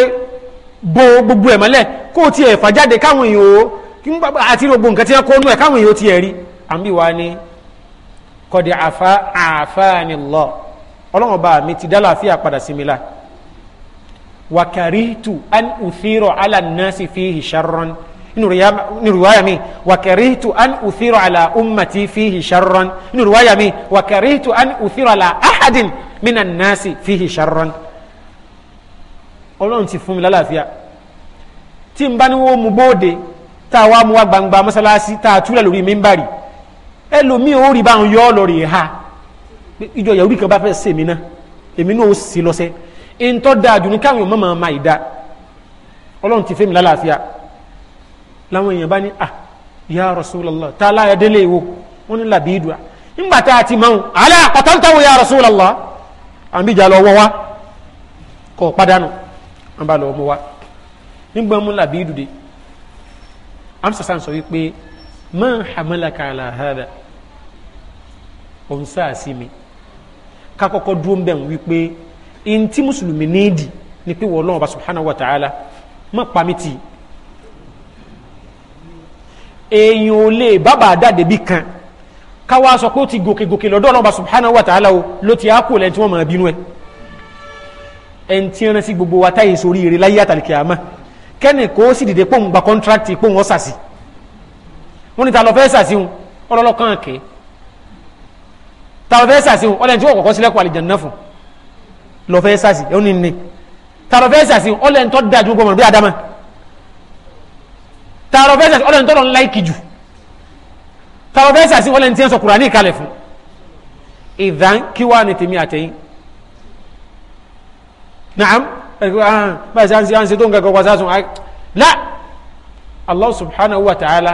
bo gbogbo ẹ̀ mọ́lẹ̀ kó o tiẹ̀ fàjáde káwọn èèyàn o àti gbogbo nǹkan tí wọ́n kó nú ẹ̀ káwọn èèyàn o tiẹ̀ rí àmì wa ni kọ́dí àfa àfa ni lọ ọlọ́run bá mi ti dá láàfíà padà sí mi la wa karihtu an uthiru ala nasi fihi sharran ni riwaya mi wa karihtu an uthiru ala ummati fihi sharran ni riwaya mi wa karihtu an uthiru ala ahadin min annasi fihi sharran Ọlọ́run ti fún mi lálàáfíà tí n bá ní wọn mú bóde tá a wá mú wa gbangba mọ́sálásí tá a túlẹ̀ lórí mímbàrì ẹlòmíì ó rí báwọn yọ ọ lọ ha ìjọ yàrá orí kan bá fẹ́ sèmi náà èmi náà ó sì lọ́sẹ̀ẹ́ ntọ́ da àjò ní káwọn èèyàn máa máa ìdá ọlọ́run ti fẹ́ mi lálàáfíà làwọn èèyàn bá ní à ah, ya Rasulullah tá a láyà délé ìwò wọn ní làbí ìdùà ńgbà tá a ti máa ń àlẹ́ àkọ́tàntàwò ya Rasulullah àwọn bíjà lọ wọ́ wa kọ́ padànù wọn bá lọ mọ́ wa nígbà mú làbí ìdùdè amsasan sọ wípé ma hamalaka ala hada òun sáà sí mi ká kọ́kọ́ dúró ń bẹ̀ ntí mùsùlùmí ní di ni pé wọ́n lọ́wọ́ subhanahu wa ta'ala má pa mí tì èèyàn ò lè bábà dáde bí kan káwá sọ pé ó ti gòkè gòkè lọ́dọ̀ ọlọ́wọ́ subhanahu wa ta'ala o ló ti á kó lẹ́yìn tí wọ́n máa bínú ẹ̀ ẹn tí ẹran sí gbogbo wa táyé sórí ire láyé àtàlìkè àmọ́ kẹ́nì kó sì dìde pòun gba kọ́ńtrákìtì pòun ọ̀sàsì wọ́n ní ta lọ fẹ́ sàsì wọn ọlọ́lọ́ kẹ́ ta lọ fẹ́ sàsì wọn ọlẹ́ni tí wọ́n kọ̀kọ́ sílẹ̀kùn àlìjàn náà fún un lọ́fẹ́ sàṣì ó ní ní tàrọ̀fẹ́ sàṣì ọlẹ́ ń tọ́ da ju gbọmọ̀ bí adama tàrọ̀fẹ́ sàṣì ọlẹ́ ń tọ́ lọ láìkì ju, tàrọ̀fẹ́ sàṣì ọlẹ́ ń tiẹ́ sọ kùránì kalẹ̀ fún ìdán kí wàá ní tèmi àtẹ̀yìn naam báyìí sáà ń sáà ń ṣe tó ń gàgọ́ wá sáà sùn la Allah subhanahu wa ta'ala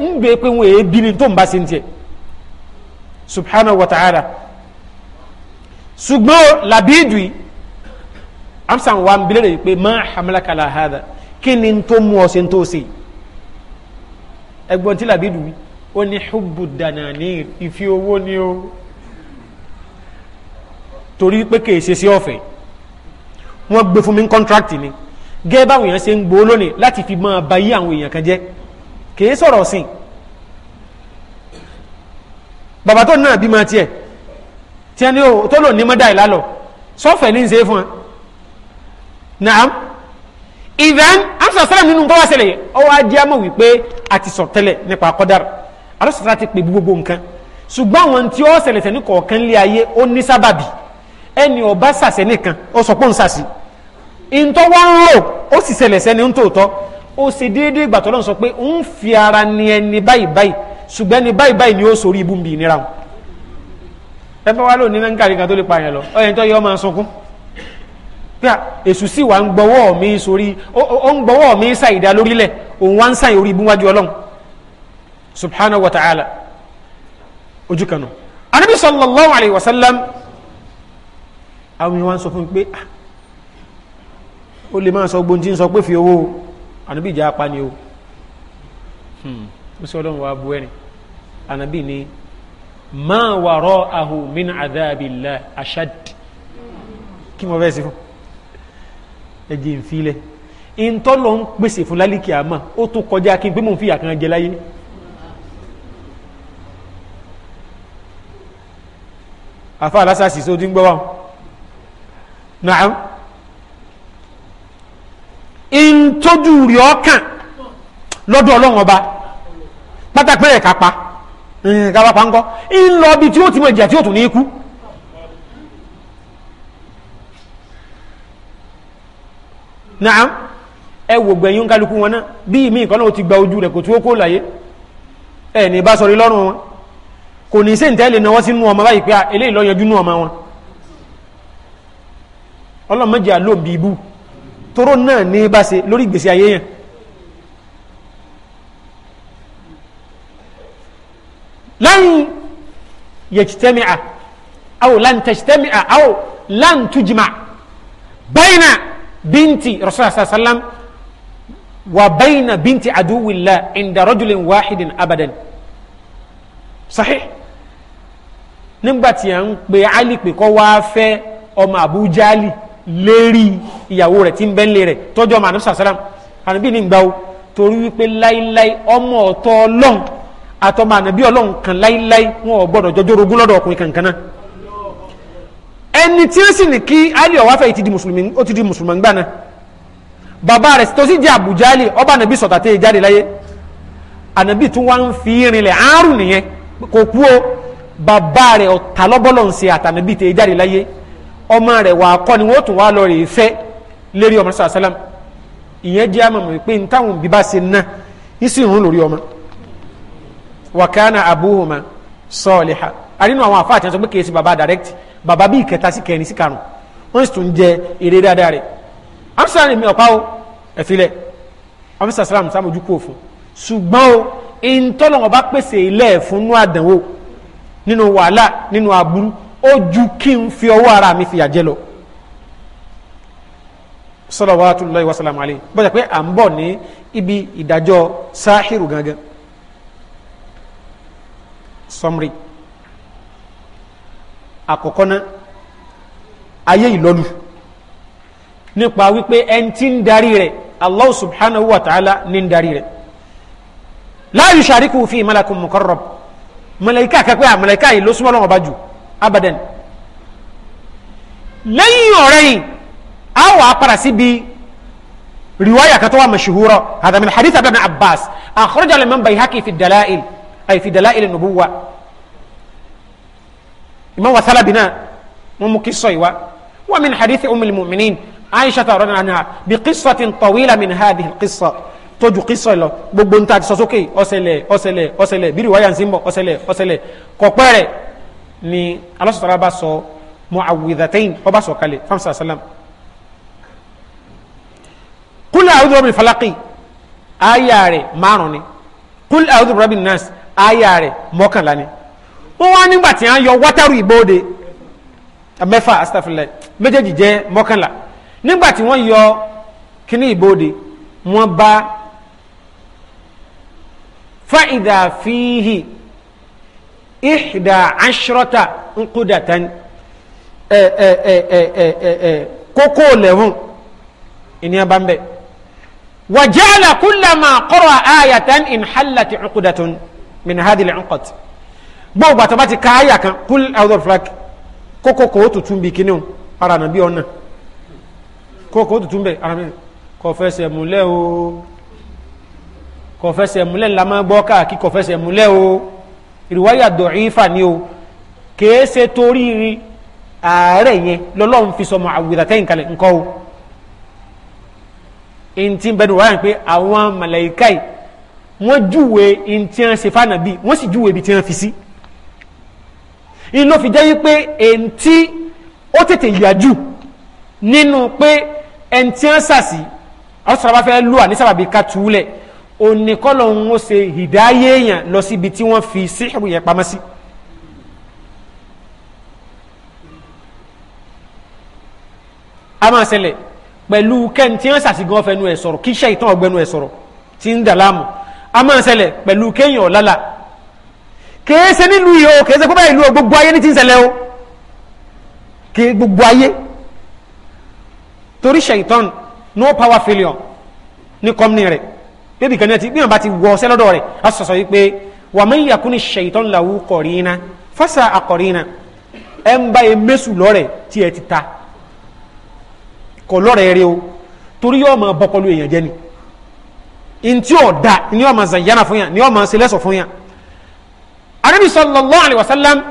ń gbé pé wọn èé bí ni tó ń bá se ń tiẹ̀ subhanahu wa ta'ala ṣùgbọ́n làbídùí amsan wa ń bilẹ̀ rẹ̀ pé má hamalaka hada kí ni tó mú ọ sí tó ṣe ẹgbọ́n tí làbídùí ó ní hubbu dananir ìfi owó ni ó torí pé kì í ṣe sí ọ̀fẹ́ wọ́n gbé fún mi ní kọ́ńtrákìtì ni gẹ́gẹ́ báwọn èèyàn ṣe ń gbowó lónìí láti fi máa ba àwọn èèyàn kan jẹ́ kì í sọ̀rọ̀ sìn bàbá tó náà bí máa tí a ní o tó lò ní mọ́dà ìlálọ̀ sọ́fẹ̀ ní ṣe fún ẹ naam ìdán amsa sọ́ra nínú tó wá ṣẹlẹ̀ ọwọ́ ajé a mọ̀ wípé a ti sọ tẹ́lẹ̀ nípa kọ́dàr alọ́sọ̀tà ti pè gbogbo nǹkan ṣùgbọ́n àwọn tí ó ṣẹlẹ̀ sẹ́ni kọ̀ọ̀kan lé ayé ó ní sábàbí ẹni ọba ṣàṣẹ nìkan ó sọ pé òun ṣàṣì ìtọ́wọ́ ń rò ó sì ṣẹlẹ̀ sẹ́ni ń tòótọ́ ó ṣe déédéé ìgbà lọ́n sọ pé ń fi ara ni ẹni báyìí báyìí ṣùgbọ́n ẹni báyìí báyìí ni ó sorí ibú ń wọn ẹbẹ́ wa lónìí náà ń kàrí kan tó lè pa yẹn lọ ọyẹn tó yẹ ọmọ sunkún pé èsù sì wà ń gbọ́wọ́ mi sórí ó ń gbọ́wọ́ mi ṣàìdá lórílẹ̀ òun wá ń ṣàì orí ibúwájú ọlọ́run subhanahu wa ta'ala ojú kanu anabi sallallahu alayhi wa sallam àwọn yẹn wá ń sọ fún mi pé ah, ó lè máa sọ gbóhùn tí ń sọ pé fi owó anabi ìjà apani o hmm. ó sọ ọlọ́run wa bu ẹni anabi ni máa wàrọ̀ ahùn min àdábìlá ashad kí mo fẹ́ sí fún ẹjì ń filẹ̀ ìntọ́lọ ń pèsè fún lálìkì àmà ó tún kọjá kí n pé mò ń fi àkànjẹ láyé afa alasasi so dín gbọ́wọ́ naam ìntọ́jú rí ọkàn lọ́dọ̀ ọlọ́run ọba pátápẹ́rẹ̀ kápá. Eh, kaba pankọ ńlọ bi tí ó ti mọ ìjà tí ó tún ní ikú. naam ẹ wò gbẹ̀yìn kálukú wọn náà bí ìmí ìkọ́nà ó ti gba ojú rẹ̀ kò tí ó kó láyé ẹ ní bá sọrí lọ́rùn wọn kò ní sèǹtẹ́ lè náwó sínú ọmọ báyìí pé ah, eléyìí lọ yanjú ọmọ wọn ọlọ́mọdé àlóbi toró náà ní bá ṣe lórí ìgbésí ayé yẹn. lan yajtami'a aw lan tajtami'a aw lan tujma' bayna binti rasulullah sallallahu alaihi wasallam wa bayna binti aduwillah inda rajulin wahidin abadan sahih nígbàtí à ń pe ali pé kó wá fẹ́ ọmọ abujali lérí ìyàwó rẹ̀ tí ń bẹ́ńlẹ̀ rẹ̀ tọ́jú ọmọ àdúrà sàlám àdúgbò ní gbàù torí wípé láíláí ọmọ ọ̀tọ̀ ọlọ́run àtọmọ ànàbí ọlọ́run kan láíláí wọn ò gbọ́dọ̀ jọjọ́ rogún lọ́dọ̀ ọkùnrin kankan náà ẹni tí ó sì ní kí Ali ọ̀wáfẹ́ ti di mùsùlùmí ó ti di mùsùlùmí gbà náà bàbá rẹ̀ tó sì jẹ́ àbújá lè ọba ànàbí sọ̀tàtẹ́ jáde láyé ànàbí tún wá ń fi rinlẹ̀ àárùn nìyẹn kò kú o bàbá rẹ̀ ọ̀tà lọ́bọ́lọ̀ ń ṣe àtànàbí tẹ́ jáde láyé ọmọ rẹ̀ wà kọ́ ni wọ́n tún wá lọ rèé fẹ́ lérí ọmọ sàlám ìyẹn jẹ́ àmọ̀mọ̀ pé ní táwọn òbí bá ṣe ná ń sì lórí ọmọ wakana abuhuma sọọliha arínú àwọn afa àti ẹnso pé kìí baba direct baba bíi kẹta sí kẹrin sí karùn wọn sì tún jẹ èrè dáadáa rẹ amsa ni mi ọ̀pá o ẹ̀fílẹ̀ amsa salam sàmójú kú òfin ṣùgbọ́n o ìntọ́nà ọba pèsè ilẹ̀ fún nú àdánwò nínú wàhálà nínú aburú ó ju kí n fi ọwọ́ ara mi fìyà jẹ lọ salawatullahi wa salamu alayhi bọ́jà pé à ń bọ̀ ní ibi ìdájọ́ sáhìrù gangan sọmri àkọ́kọ́ náà ayé ìlọ́lù nípa wípé ẹni tí ń darí rẹ̀ allah subhanahu wa ta'ala ní ń darí rẹ̀ la yushariku fi malakun mukarrab màláíkà kẹ́kẹ́ à màláíkà yìí ló súnmọ́ lọ́wọ́ bá jù abadan lẹ́yìn ọ̀rẹ́ yìí a wà á riwaya kan tó wà hadith abdul abbas akhrajahu al-imam dalail ay fi dalail nubuwa imam wa salabina mo mu kiso iwa wa min hadith umm almu'minin aisha radhiyallahu anha bi qissatin tawila min hadhihi alqissa tójú kiso lọ gbogbo n ta ti sọ sókè ọsẹlẹ ọsẹlẹ ọsẹlẹ bíi riwaya nsimbo ọsẹlẹ ọsẹlẹ kọpẹrẹ ni alasọtara bá sọ muawwidhatayn ọba sọ kalẹ̀ famsa salam kul a'udhu bi rabbil falaqi aya rẹ̀ márùn ni kul a'udhu bi rabbin nas aya rẹ̀ mọ́kànlá ni wọ́n wá nígbà tí wọ́n yọ wátàrú ìgbóde mẹ́fà astafilẹ̀ méjèèjì jẹ́ mọ́kànlá nígbà tí wọ́n yọ kíní ìgbóde wọ́n bá fa'ida fihi ihda ashrata nkudatan ẹ ẹ ẹ ẹ ẹ ẹ kókó lẹ́wọ̀n bá ń bẹ̀ wàjẹ́ àlàkùnlá máa kọ́ra ayatan in hallati min hadi al-unqat gbogbo àtàbà ti ka àyà kan kul awdor flak kókó kò ó tuntun bí kíní o ara nà bí ọ̀nà kókó kò ó tuntun bẹ ara mi kò fẹsẹ̀ múlẹ̀ o kò fẹsẹ̀ múlẹ̀ la máa gbọ́ káàkí kò fẹsẹ̀ múlẹ̀ o ìrìwáyà dọ̀ífà ni o kèé ṣe torí ààrẹ yẹn lọ́lọ́run fi sọmọ àwùdàtẹ́yìn kalẹ̀ ńkọ́ o èyí ti ń bẹnu wáyà pé àwọn màláíkà yìí wọ́n júwe ntí wọ́n ṣe fànàbí wọ́n sì júwe ibi tí wọ́n fi sí inú fi jẹ́ wípé ntí ó tètè yàjú nínú pé ntí wọ́n sàsì ọ̀sọ̀rọ̀bá fẹ́ lù ànísàbàbí ká túlẹ̀ oníkọ́lọ̀ ń ṣe ìdáyé èèyàn lọ síbi tí wọ́n fi síhìrù yẹn pamọ́ sí. a máa ṣẹlẹ̀ pẹ̀lú kẹ́ntì wọ́n sàsì gan fẹnu ẹ̀ sọ̀rọ̀ kí iṣẹ́ ìtàn ọgbẹ́nu ẹ̀ sọ̀rọ̀ tí ń dà láàmú a máa ṣẹlẹ̀ pẹ̀lú kéèyàn ọ̀lálà kèése nílùú yìí o kèése kó bá ìlú gbogbo ayé ní ti ń o kèé gbogbo ayé torí ṣèyítọ́n no power failure ní kọ́mìnì rẹ̀ bébì kan ní bí wọn bá ti wọ ọsẹ lọ́dọ̀ rẹ̀ a sọ̀sọ̀ yìí pé wà máa ń yàkú ní ṣèyítọ́n làwù kọ̀rìnà fásà àkọ̀rìnà ẹ̀ ń bá emésù lọ́rẹ̀ tí ẹ ti ta kọ̀ lọ́rẹ̀ rẹ o torí yóò máa bọ́ èèyàn jẹ́ ni ntí da, ni ọmọ zanyana fún yàn ni ọmọ sẹlẹsọ fún yàn anabi sallallahu alayhi wa sallam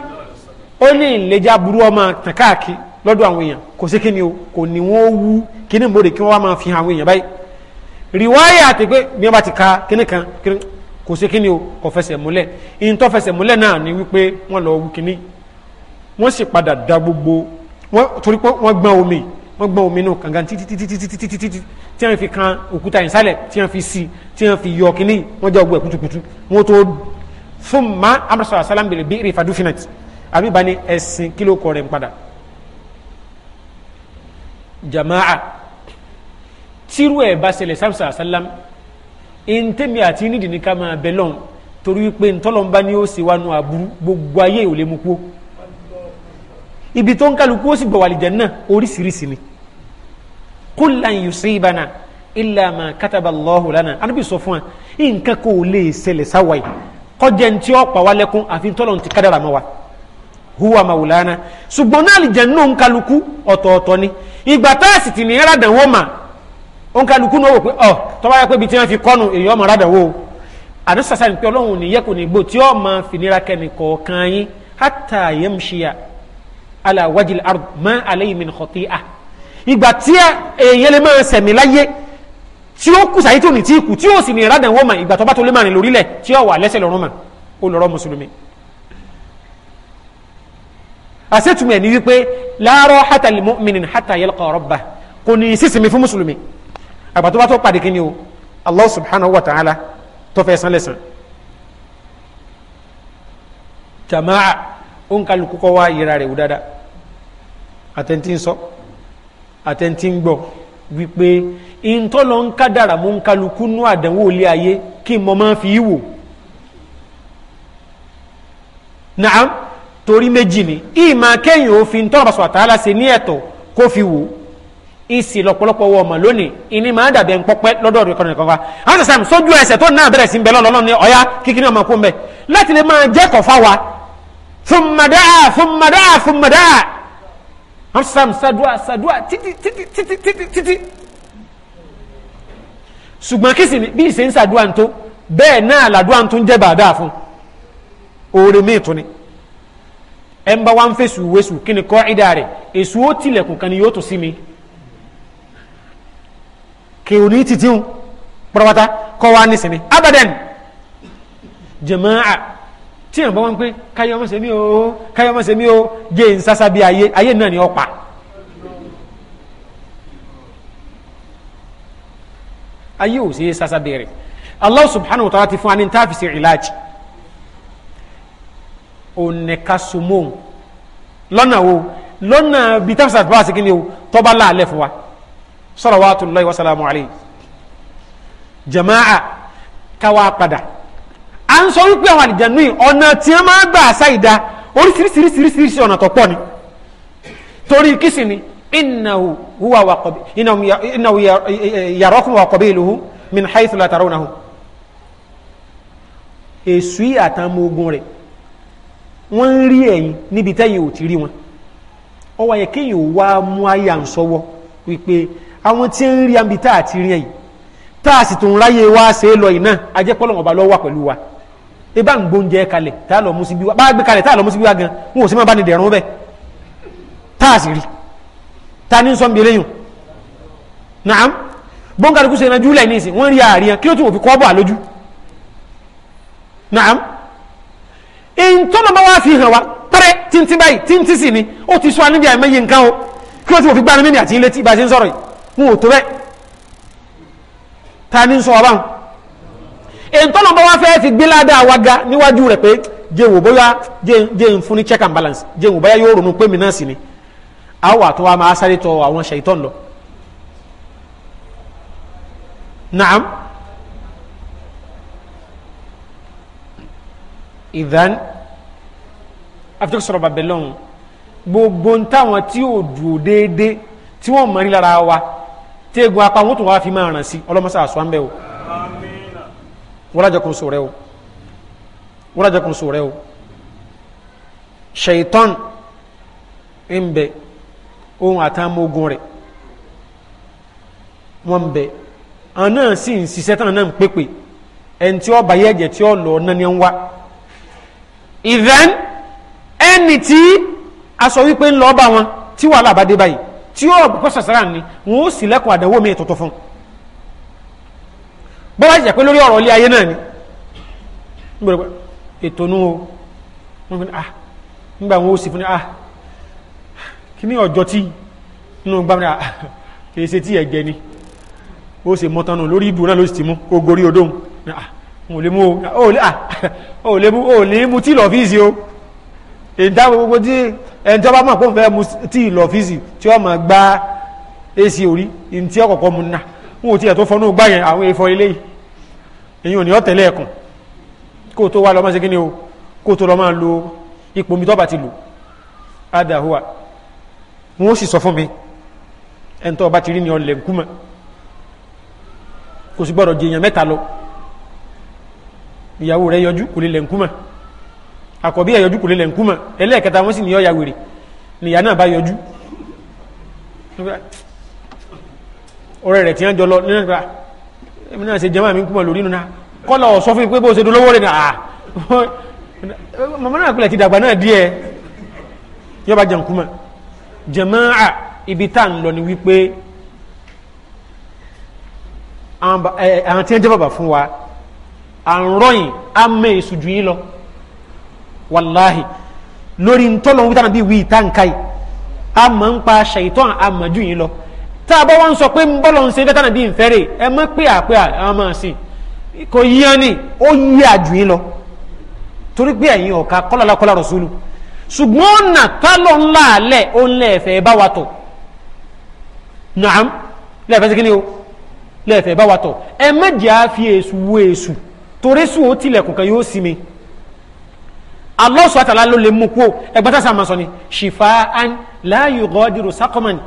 ó ní ìlẹjà burú ọmọ tàn káàkiri lọ́dọ̀ àwọn èèyàn kò sí kíni o kò ní wọ́n wú kíni mbòde kí wọ́n wá máa fi hàn àwọn èèyàn báyìí riwaya àti pé bí wọ́n bá ti ka kíni kan kíni kò sí kíni o kò fẹsẹ̀ múlẹ̀ ìntọ́ fẹsẹ̀ múlẹ̀ náà ni wípé wọ́n lọ wú kíni wọ́n sì padà da gbogbo wọ́n torí pé wọ́n gbọ́n omi wọ́n gbọ́n omi náà kàngán títí tí wọ́n fi kan òkúta ìsàlẹ̀ tí wọ́n fi si tí wọ́n fi yọ kínní wọ́n jẹ́ ọgbẹ́ kutukutu wọ́n tó fún ma amúrasọ̀rọ̀ asálàmù bèrè bèrè fàdúfinat àbí bani ẹ̀sìn kílò kọ́ rẹ̀ jama'a tírú ẹ̀ bá ṣẹlẹ̀ sàmùsà asálàmù ntẹ́mi àti nídìí ní ká máa bẹ̀ lọ́n torí pé ntọ́lọ́mbá ni ó sì wá nu àbúrú gbogbo ayé ò lè mú kú ibi tó ń kálukú ó sì bọ̀ náà oríṣiríṣi ni kullan yusibana illa ma kataba Allahu lana anabi sọ fún wa nǹkan kò lè ṣẹlẹ̀ sáwa yìí kọjá ntí ọ pa wá lẹ́kún àfi tọ́lọ̀ ntí kádàrà mọ́ wa huwa maulana ṣùgbọ́n náà lè jẹ́ nínú nkaluku ọ̀tọ̀ọ̀tọ̀ ni ìgbà tá a sì ti ní ẹ̀rádànwó mà nkaluku náà wò pé ọ tọ́ba yẹ pé ibi tí wọ́n fi kọ́nu èyí ọmọ ẹ̀rádànwó o àdó sàṣà ní pé ọlọ́run ní yẹ́kùn ní gbò tí ọ máa fi nira kẹ́ni kọ̀ọ̀kan yín hátà yẹ́mṣíà aláwájìlá àrùn mọ́ àlẹ́ yìí mi nìkọ́tì à ìgbà tí èèyàn lè máa sẹ̀mí láyé tí ó kù sáyé tí ò ní tí ì kù tí ó sì ní ìrádàn wọ́n mà ìgbà tó bá tó lé mà ní lórílẹ̀ tí ó wà lẹ́sẹ̀ lọ́rùn mà ó lọ́rọ́ mùsùlùmí. àṣetùmọ̀ ẹ̀ ní wípé láàárọ̀ hátà lè mu'minin hátà yalqa rabbah kò ní sísìmí fún mùsùlùmí àgbà tó bá tó pàdé kíni o Allah subhanahu wa ta'ala tó fẹ́ san lẹ́sàn. jamaa ó ń kálukú kọ́ wá ìyẹra rẹ̀ wò dáadáa àtẹ̀ntì ń àtẹ̀ntì ń gbọ́ wípé ìntọ́lọ́ ń kádàrà mú ń kálukú nú àdánwò ilé ayé kí n mọ máa fi í wò naam torí méjì ni ìmọ̀ kẹ́yìn òfin tọ́lọ̀ àtàlà ṣe ní ẹ̀tọ́ kó fi wò ìsì lọ́pọ̀lọpọ̀ wọ ọmọ lónìí ìní máa dàbẹ̀ ń lọ́dọ̀ ọ̀dọ̀ ìkọ́ni kan wa àwọn sàm sójú ẹsẹ̀ tó náà bẹ̀rẹ̀ sí ń bẹ lọ́nà ní ọ̀yá kíkiri ọmọ kó ń bẹ láti lè máa jẹ́kọ̀ọ́ fáwa fún madáà fún madáà fún madáà sam sadua sadua titi titi titi titi titi ṣùgbọ́n kìsì bí ìṣe ń sadua ń tó bẹ́ẹ̀ náà làdúrà ń tún jẹ́ bàdá fún oore míì tún ni ẹ ń bá wa ń fèsù wẹ̀sù kí ni kọ́ ìdá rẹ̀ èso ó tilẹ̀kùn kan ni yóò tó sí mi kì í ní títí ń pọ́npátá kọ́ wa ní sinmi abadan jẹ̀mọ́ a tí yàn bá wọn pé káyọ̀ ọmọ sẹ́mi o káyọ̀ ọmọ sẹ́mi o jẹ́ nsásá bí ayé ayé náà ni ọ pa. ayé ò sí sásá bẹ̀rẹ̀ Allah subhanahu wa ta'ala ti fún wa ní ta fi ṣe ìlàjì onekasumohun lọ́nà wo lọ́nà bí tafsir bá sí kíni o tọ́ba láàlẹ́ fún wa salawatullahi wa salamu alayhi jama'a káwa padà à ń sọ wípé àwọn àlìjànú yìí ọ̀nà tí wọ́n máa gbà ṣàìdá oríṣiríṣiríṣiríṣi ọ̀nà tó pọ̀ ni torí kìsì ni innahu huwa wa qabi innahu innahu yarakum wa qabiluhu min haythu la tarawnahu èṣù yìí àtàwọn ogun rẹ̀ wọ́n ń rí ẹ̀yin níbi tẹ́yin ò ti rí wọn ó wá yẹ kéèyàn wá mú ayà ń sọ́wọ́ wípé àwọn tí ń rí àmì àti rí ẹ̀yin tá a sì tún ráyè wá ṣe é lọ yìí náà ajẹ́pọ́lọ́mọba lọ́wọ́ pẹ̀lú wa. Pe ibà ń gbóúnjẹ kalẹ̀ tá a lọ mú síbí wá bá a gbé kalẹ̀ tá a lọ mú síbí wá gan n ò sí máa bá ní dẹ̀rùn bẹ́ẹ̀ tá a sì rí ta ní sọ́nbi eléyìn naam bọ́ńkàlùkù sẹ́yìn náà júlẹ̀ ní ìsìn wọ́n rí àárín kí ló tún òfin kọ́ bọ̀ àlójú naam ìtọ́nà bá wá fi hàn wá pẹ́rẹ́ títí báyìí títí sì ni ó ti sọ àníbi àìmọye nǹkan o kí ló tún òfin gbani mímì àti ilé tí ìbá ṣe ń sọ̀rọ̀ yìí n ò èntọ́nà bá wá fẹ́ fi gbé ládàá wa ga níwájú rẹ̀ pé jẹ́ wò bóyá jẹ́ ń fún check and balance jẹ́ wò bóyá yóò ronú pé mi náà sì ni àwọn àtọ́ wa máa sáré tọ àwọn ṣèitán lọ. naam ìdán àfikún sọ̀rọ̀ bàbẹ̀ lọ́hùn gbogbo ń táwọn tí ò dùn déédéé tí wọ́n mọ̀ wa tí egun apá wọn tó wá fi máa ràn sí ọlọ́mọṣáà sọ́ńbẹ́ o. àmín wúlájọ kan sòrẹ́ o wúlájọ kan sòrẹ́ o ṣèitán ń bẹ ohun àtàwọn rẹ̀ wọ́n ń bẹ àwọn náà sì ń ṣiṣẹ́ tán náà ń pépè ẹni tí ó bá yẹ ẹ̀jẹ̀ tí ó lọ náà ni ń wá ìdán ẹni tí aṣọ wípé ń lọ bá wọn tí wàhálà bá dé báyìí tí ó bọ́ sàṣàrà ni wọn ó sì lẹ́kọ̀ọ́ àdánwò mi ìtọ́tọ́ fún un bọ́lá ìjà pé lórí ọ̀rọ̀ ilé ayé náà ni gbọ́dọ̀ ètò nú o wọ́n fi ní ah nígbà wọn ó sì fún ní ah kí ní ọjọ́ tí inú gbámi ah kì í ṣe tí ẹ̀jẹ̀ ni ó sì mọ́tánù lórí ibù náà ló sì ti mú ó gorí odóhun ah ò lè mú o ò ah, ah, lè mú o lè mú tí lọ́fíìsì o ìdá gbogbo tí ẹni tí wọ́n bá mọ̀ pé òun fẹ́ mu tí lọ́fíìsì tí wọ́n máa gba èsì orí ní tí mu nà wọn ah, ò tiẹ̀ tó fọnú gbà yẹn àwọn èèfọ̀ eléyìí èyí ò ní ọ̀tẹ̀lẹ̀ ẹ̀kùn kó tó wá lọ́mọ́ sí kí ni o kó tó lọ́mọ́ lo ipò mi tọ́ba ti lò adahuwa wọ́n sì sọ fún mi ẹn ọba ti rí ni ọ̀lẹ̀ nkúmọ̀ kò sì gbọ́dọ̀ jẹyàn mẹ́ta lọ ìyàwó rẹ̀ yọjú kò lè lẹ̀ nkúmọ̀ àkọ́bí ẹ̀ yọjú kò lè lẹ̀ nkúmọ̀ ẹlẹ́ẹ̀kẹta wọ́n sì ní ọ̀yà wèrè nìyà náà bá yọjú ọ̀rẹ́ rẹ̀ tí wọ́n jọ lọ nínú ìgbà èmi náà ṣe jẹ́mọ́ mi kúmọ̀ lórí nuna kọ́lọ̀ sọ fún mi pé bó ṣe dolówó rẹ̀ náà ah. màmá náà pẹ̀lẹ́ ti dàgbà náà díẹ̀ yọba jẹun kúmọ̀ jẹ̀mọ́ à ibi tá à ń lọ ni wípé àwọn tí wọ́n jẹ́ bàbá fún wa à ń rọ́yìn á mẹ́ èso jù yín lọ wàláhì lórí ntọ́lọ́wọ́ tánàbí wí ìtànká yìí a mọ̀ ń pa ṣàìtàn àmọ̀jú yìí lọ tá a bá wọn sọ pé bọ́lọ̀ ń ṣe fẹ́ tánàbí ìfẹ́rẹ̀ ẹ mọ́ pé àpé àwọn máa sìn kò yíyan ni ó yí àjù yín lọ torí pé ẹ̀yin ọ̀ka kọ́lọ́lá kọ́lá rọ̀ṣúlù ṣùgbọ́n ọ̀nà tálọ̀ ńlá alẹ́ ó ń lẹ́ẹ̀fẹ́ bá wa tọ̀ nàám lẹ́ẹ̀fẹ́ sí kí ni o lẹ́ẹ̀fẹ́ bá wa tọ̀ ẹ méjì á fi èṣù wo èṣù torí sùn ó tilẹ̀kùn kan yóò sinmi Allah subhanahu ló lè mú kú ẹgbẹ́ tá a sá sọ ni ṣìfà án la yughadiru saqaman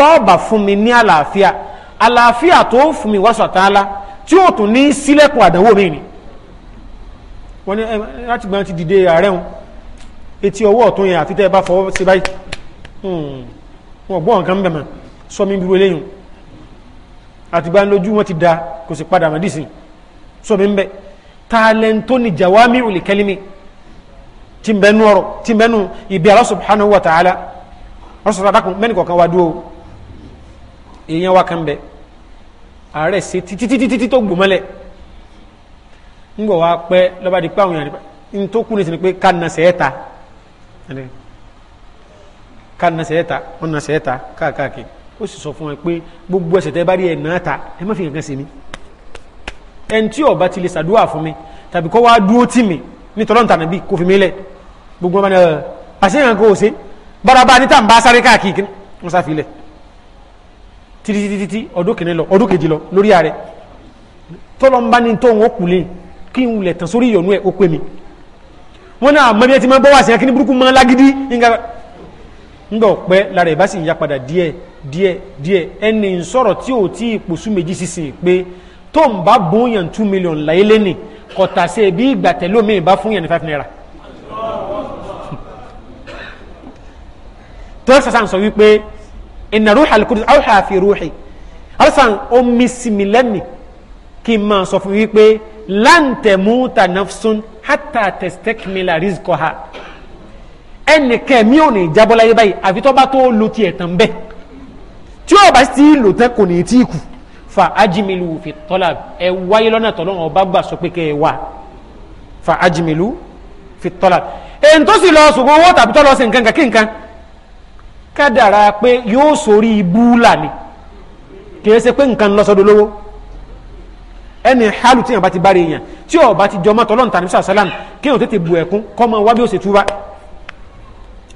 tọ́ọ̀bà fún mi ní àlàáfíà àlàáfíà tó fún mi wáṣọ tí ó tún ní sílẹ̀kùn àdánwò mi ni wọ́n ní láti gbọ́n ti dìde ààrẹ wọn etí ọwọ́ ọ̀tún yẹn àti tẹ́ ẹ bá fọwọ́ sí báyìí hmm, wọn gbọ́ nǹkan bẹ̀mọ̀ sọ mi bíru eléyìn àtìgbà lójú wọn ti da kò sì padà mọ́dísìn sọ mi ń bẹ taalento ni jawami'u li kalimi tí ń bẹnu ọ̀rọ̀ tí ń bẹnu ìbí Allah subhanahu wa ọ̀rọ̀ sọ̀rọ̀ èèyàn wa kan bẹ ààrẹ ṣe títítítítí tó gbòmọ́lẹ̀ ńgbọ̀ wá pẹ́ lọ́ba di pé àwọn èèyàn ní tó kú nísìnyí pé ká na sẹ́ẹ̀ta ká na sẹ́ẹ̀ta wọ́n na sẹ́ẹ̀ta káàkáàkiri ó sì sọ fún wọn pé gbogbo ẹsẹ̀ tẹ́ bá rí ẹ̀ náà ta ẹ má fi kankan sí mi ẹni tí ọba ti lè ṣàdúrà fún mi tàbí kọ́ wá dúró tì mí nítorí ọ̀nà tàbí kò fi mí lẹ̀ gbogbo ọba ní ọ̀ àṣeyàn kò ṣe bọ́dà bá ní tàǹbà sáré káàkiri wọ́n sá fi lẹ̀ títítítí ọdún kìíní lọ ọdún kejì lọ lórí ààrẹ tọ́lọ́ ń bá ní tó ń kù lé kí n wulẹ̀ tán sórí ìyọ̀nú ẹ̀ ó pè mí wọn náà mọ bí ẹ ti máa bọ́ wá sí akíní burúkú mọ́ lágídí nígbà ńgbà ọ̀pẹ́ lára ẹ̀ sì ń ya padà díẹ̀ díẹ̀ díẹ̀ ẹni ń tí ò tí ìpòsú méjì sísìn pé tó ń bá bóyàn two million láyé lẹ́nì kọ̀tà sí ẹbí ìgbà tẹ̀lómi bá fún yẹn ní five naira. tó ẹ́ sàṣà ń sọ wípé inna ruha al-qudus awha fi ruhi alasan o misimi lẹ́mi kí n máa sọ fún mi pé lan tamuta nafsun hatta tastakmila rizqaha ẹnì kẹ́mi ò ní jábọ́ láyé báyìí àfi tó bá tó lu tiẹ̀ tán bẹ́ẹ̀ tí o bá ti lò tán kò ní tí kù fa ajimilu fi tọ́lá ẹ wáyé lọ́nà tọ́lọ́ ọba gbà sọ pé kẹ́ fa ajimilu fi tọ́lá èyí tó sì lọ sùgbọ́n owó tàbí tọ́lọ́ sí nǹkan kádàrá pé yóò sórí ibú lànì kìí ṣe pé nǹkan lọ́sọ̀dọ̀ lówó ẹni hálù tí yàn bá ti bá rí èèyàn tí ó bá ti jọ mọ́tọ́ lọ́nà tàbí sàlám kí yàn tètè bu ẹ̀kún kọ́ mọ́ wá bí ó ṣe túbá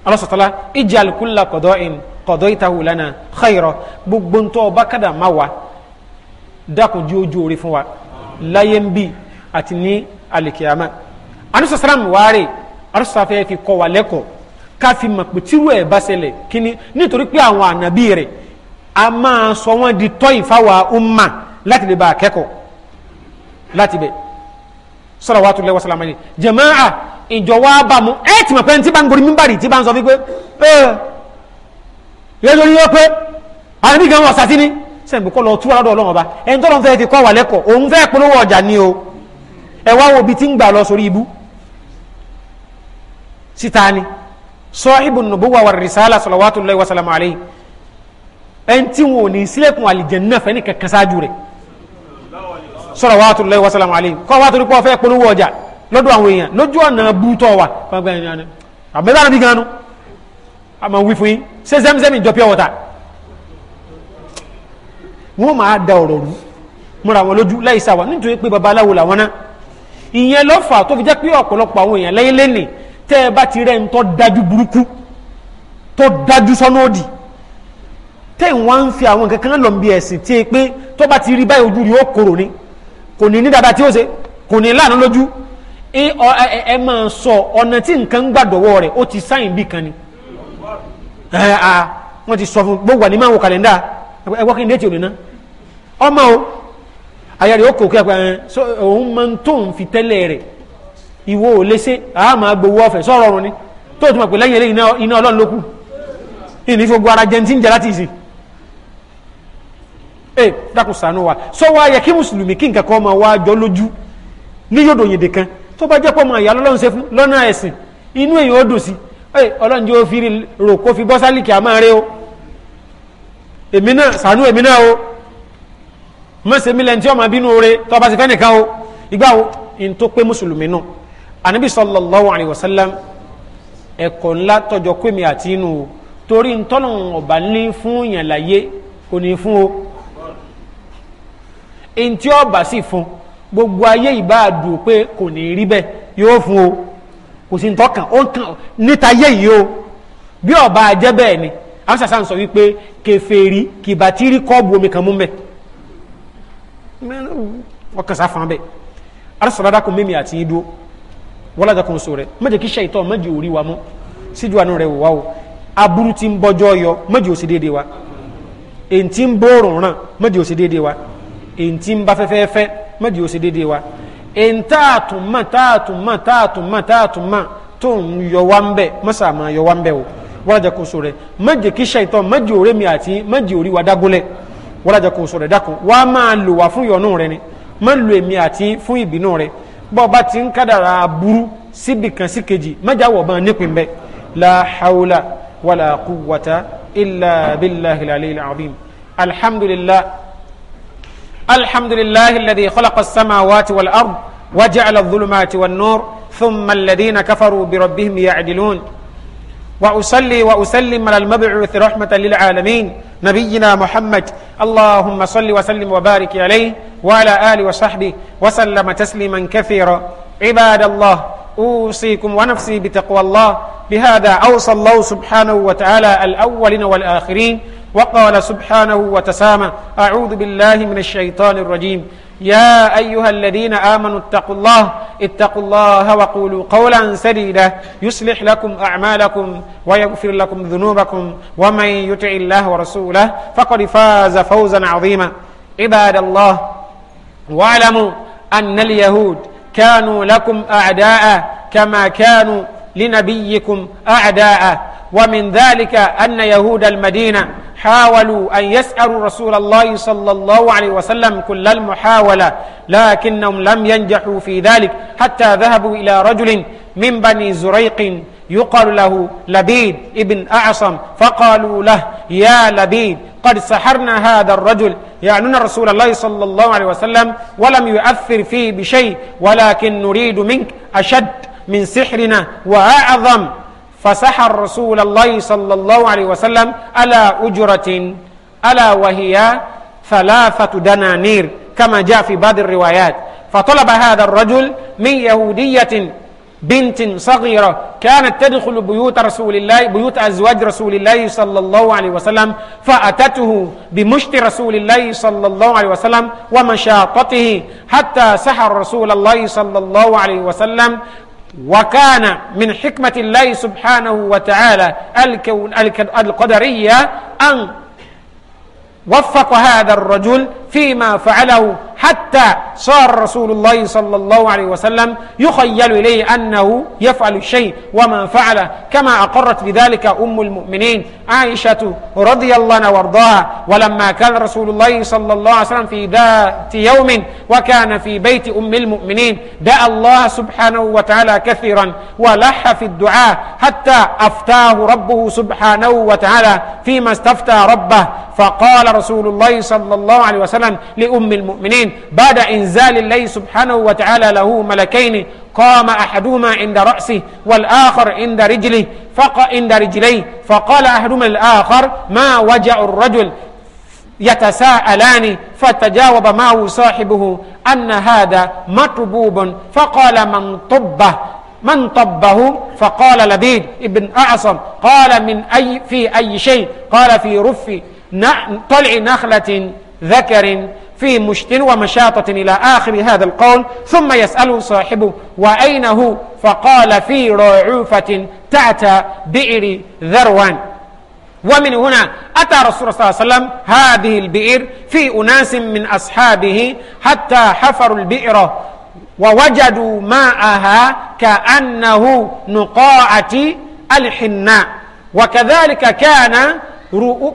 alọ́sọ̀tọ́lá ìjì alùkúlà kọ̀dọ̀ in kọ̀dọ̀ ìtahù lánàá xayirọ gbogbo ń ọba kádà má wa dákun ju ojú orí fún wa láyé ń bì àti ní alìkìyàmá alùsọ̀sálàm wàárẹ̀ alùsọ̀sáfẹ́ fi kọ́ wa lẹ́kọ̀ọ́ káfí mọ̀ pé tírú ẹ̀ bá ṣẹlẹ̀ kíní nítorí pé àwọn ànábì rẹ̀ a máa sọ wọ́n di tọ́ ìfáwà umma láti lè bá a kẹ́kọ̀ọ́ láti bẹ̀ salawatullahi wa salamu alayhi jàmáà ìjọ wa bá mu ẹ ti mọ̀ pé tí bá ń gorí mímbàrì tí bá ń sọ wípé ẹ yẹn lórí yọ pé ànábì gan wọ̀ sátí ni sẹ́yìn kọ́ lọ tú wa lọ́dọ̀ ọlọ́run ọba ẹni tọ́lọ́ fẹ́ ti kọ́ o ẹ wá wo ibi tí sọ́ọ́hìbù nùbúwà wà rìsálà sọ̀lọ́wàtò lọ́yẹ̀ wà sàlámù àlẹ́yìn ẹni tí wọn ò ní sílẹ̀kùn àlìjẹ̀nnà fẹ́ ní kankan ṣáájú rẹ̀ sọ̀lọ́wàtò lọ́yẹ̀ wà sàlámù àlẹ́yìn kọ́ wa torí pé ọ̀fẹ́ polówó ọjà lọ́dọ̀ àwọn èèyàn lójú ọ̀nà bútọ́ wa àbẹ̀bẹ̀ àbí ganu àmọ̀ wí fún yín ṣé zẹ́mzẹ́mì jọ pure water wọ́n máa da ọ̀rọ̀ rú múra wọn lójú láì sáwà nítorí pé babaláwo làwọn náà ìyẹn lọ́fà tó fi jẹ́ pé ọ̀pọ̀lọpọ̀ àwọn èèyàn lẹ́yìn lẹ́nìí tẹ ẹ bá ti rẹ ń tọ́ dájú burúkú tó daju sọ́nà òdì tẹ́ ń wá fi àwọn nǹkan kan lọ bí ẹ̀sìn tí e pé tó bá ti rí báyìí ojú rí ó korò ni kò ní ní dada tí ó ṣe kò ní lànà lójú ẹ máa sọ ọ̀nà tí nǹkan gbàdọ̀wọ́ rẹ̀ ó ti sáyìn bí kan ni wọ́n ti sọ fún gbogbo àní máa wò kàlẹ́ndà ẹ̀wọ́ kí n o àyà rẹ̀ ó kò kí ẹ pé òun máa ń ìwọ ò lé sí a máa gbowó ọ̀fẹ́ sọ̀rọ̀ ọ̀run ni tó tún mọ̀ pé lẹ́yìn eléyìí iná ọlọ́run ló kù ìní fún gbogbo ara jẹun tí ń jẹ láti ìsìn ẹ dákun ṣàánú wa sọ wa yẹ kí mùsùlùmí kí nǹkan kan máa wá jọ lójú ní yòdò yèdè kan tó bá jẹ́ pọ̀ mọ̀ ìyá lọ́lọ́run ṣe fún lọ́nà ẹ̀sìn inú èyí ó dùn sí ẹ ọlọ́run jẹ́ ó fi rò kó fi bọ́ sálìkì àmọ́ rẹ o èmi náà ṣàánú èmi náà o mọ̀ sẹ́mi lẹ́ni tí ọmọ bínú rẹ tó bá fẹ́ nìkan o ìgbà wo ìntó pé mùsùlùmí náà anabi sallallahu alayhi wa sallam ẹ̀kọ́ ńlá tọjọ pé mi àti inú o torí ntọ́nà ọ̀bà ní fún yàn láyé kò ní fún o ntí ọ̀bà sì fún gbogbo ayé ìbá àdùn pé kò ní rí bẹ́ẹ̀ yóò fún o kò sí ntọ́kàn ó ń kàn níta yé yìí o bí ọ̀bà jẹ́ bẹ́ẹ̀ ni àwọn sàṣà sọ wípé kèfèrí kìbàtírí kọ́ọ̀bù omi kan mú mẹ́ ọkàn sáfà bẹ́ẹ̀ arásọ̀rọ̀ dákun mímì àti yín dúró wọ́n kan so rẹ̀ má jẹ́ kí ṣàìtọ́ má jẹ́ orí wa mọ́ síjú àánú rẹ̀ wà o aburú ti ń bọ́jọ́ yọ má jẹ́ ó ṣe déédéé wa èyí tí ń bóòrùn ràn má jẹ́ ó ṣe déédéé wa èyí tí ń bá fẹ́fẹ́ fẹ́ má jẹ́ ó ṣe wa èyí táàtùn mọ́ táàtùn mọ́ tó ń yọ wá ń bẹ̀ mọ́sà máa yọ wá ń bẹ̀ o wọ́n jẹ́ kan so rẹ̀ má kí ṣàìtọ́ má jẹ́ orí mi àti ni má lò èmi bọ́ọ̀bá ti ń kádàrà burú síbi kan sí kejì mẹ́jà wọ̀ bọ́n nípìn bẹ́ẹ̀ la hawla wala quwwata illa billahi al-aliyyil azim alhamdulillah alhamdulillah alladhi khalaqa as-samawati wal ard waja'ala adh-dhulumati wan nur thumma alladhina kafaru bi rabbihim وأصلي وأسلم على المبعوث رحمة للعالمين نبينا محمد اللهم صل وسلم وبارك عليه وعلى آله وصحبه وسلم تسليما كثيرا عباد الله أوصيكم ونفسي بتقوى الله بهذا أوصى الله سبحانه وتعالى الأولين والآخرين وقال سبحانه وتسامى أعوذ بالله من الشيطان الرجيم يا أيها الذين آمنوا اتقوا الله اتقوا الله وقولوا قولا سديدا يصلح لكم أعمالكم ويغفر لكم ذنوبكم ومن يطع الله ورسوله فقد فاز فوزا عظيما عباد الله واعلموا أن اليهود كانوا لكم أعداء كما كانوا لنبيكم أعداء ومن ذلك أن يهود المدينة حاولوا أن يسألوا رسول الله صلى الله عليه وسلم كل المحاولة لكنهم لم ينجحوا في ذلك حتى ذهبوا إلى رجل من بني زريق يقال له لبيد ابن أعصم فقالوا له يا لبيد قد سحرنا هذا الرجل يعنون رسول الله صلى الله عليه وسلم ولم يؤثر فيه بشيء ولكن نريد منك أشد من سحرنا وأعظم فسحر رسول الله صلى الله عليه وسلم على أجرة ألا وهي ثلاثة دنانير كما جاء في بعض الروايات فطلب هذا الرجل من يهودية بنت صغيرة كانت تدخل بيوت رسول الله بيوت أزواج رسول الله صلى الله عليه وسلم فأتته بمشت رسول الله صلى الله عليه وسلم ومشاطته حتى سحر رسول الله صلى الله عليه وسلم وكان من حكمة الله سبحانه وتعالى القدرية أن وفق هذا الرجل فيما فعله حتى صار رسول الله صلى الله عليه وسلم يخيل إليه أنه يفعل الشيء وما فعله كما أقرت بذلك أم المؤمنين عائشة رضي الله عنها وارضاها ولما كان رسول الله صلى الله عليه وسلم في ذات يوم وكان في بيت أم المؤمنين دعا الله سبحانه وتعالى كثيرا ولح في الدعاء حتى أفتاه ربه سبحانه وتعالى فيما استفتى ربه فقال رسول الله صلى الله عليه وسلم وسلم لأم المؤمنين بعد إنزال الله سبحانه وتعالى له ملكين قام أحدهما عند رأسه والآخر عند رجله فق عند رجليه فقال أحدهما الآخر ما وجع الرجل يتساءلان فتجاوب معه صاحبه أن هذا مطبوب فقال من طبه من طبه فقال لبيد ابن أعصم قال من أي في أي شيء قال في رف طلع نخلة ذكر في مشت ومشاطة إلى آخر هذا القول ثم يسأل صاحبه وأين هو فقال في رعوفة تحت بئر ذروان ومن هنا أتى رسول الله صلى الله عليه وسلم هذه البئر في أناس من أصحابه حتى حفروا البئر ووجدوا ماءها كأنه نقاعة الحناء وكذلك كان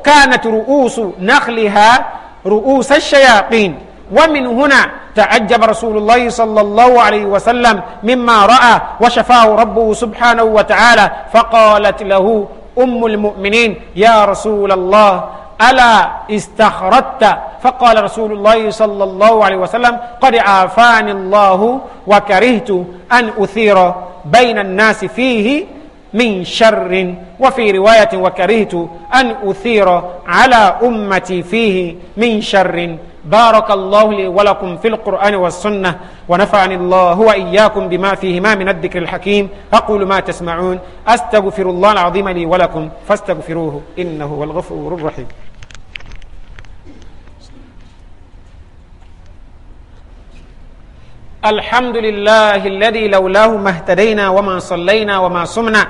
كانت رؤوس نخلها رؤوس الشياطين ومن هنا تعجب رسول الله صلى الله عليه وسلم مما رأى وشفاه ربه سبحانه وتعالى فقالت له أم المؤمنين يا رسول الله ألا استخرت فقال رسول الله صلى الله عليه وسلم قد عافاني الله وكرهت أن أثير بين الناس فيه من شر وفي رواية وكرهت أن أثير على أمتي فيه من شر بارك الله لي ولكم في القرآن والسنة ونفعني الله وإياكم بما فيهما من الذكر الحكيم أقول ما تسمعون أستغفر الله العظيم لي ولكم فاستغفروه إنه هو الغفور الرحيم الحمد لله الذي لولاه ما اهتدينا وما صلينا وما صمنا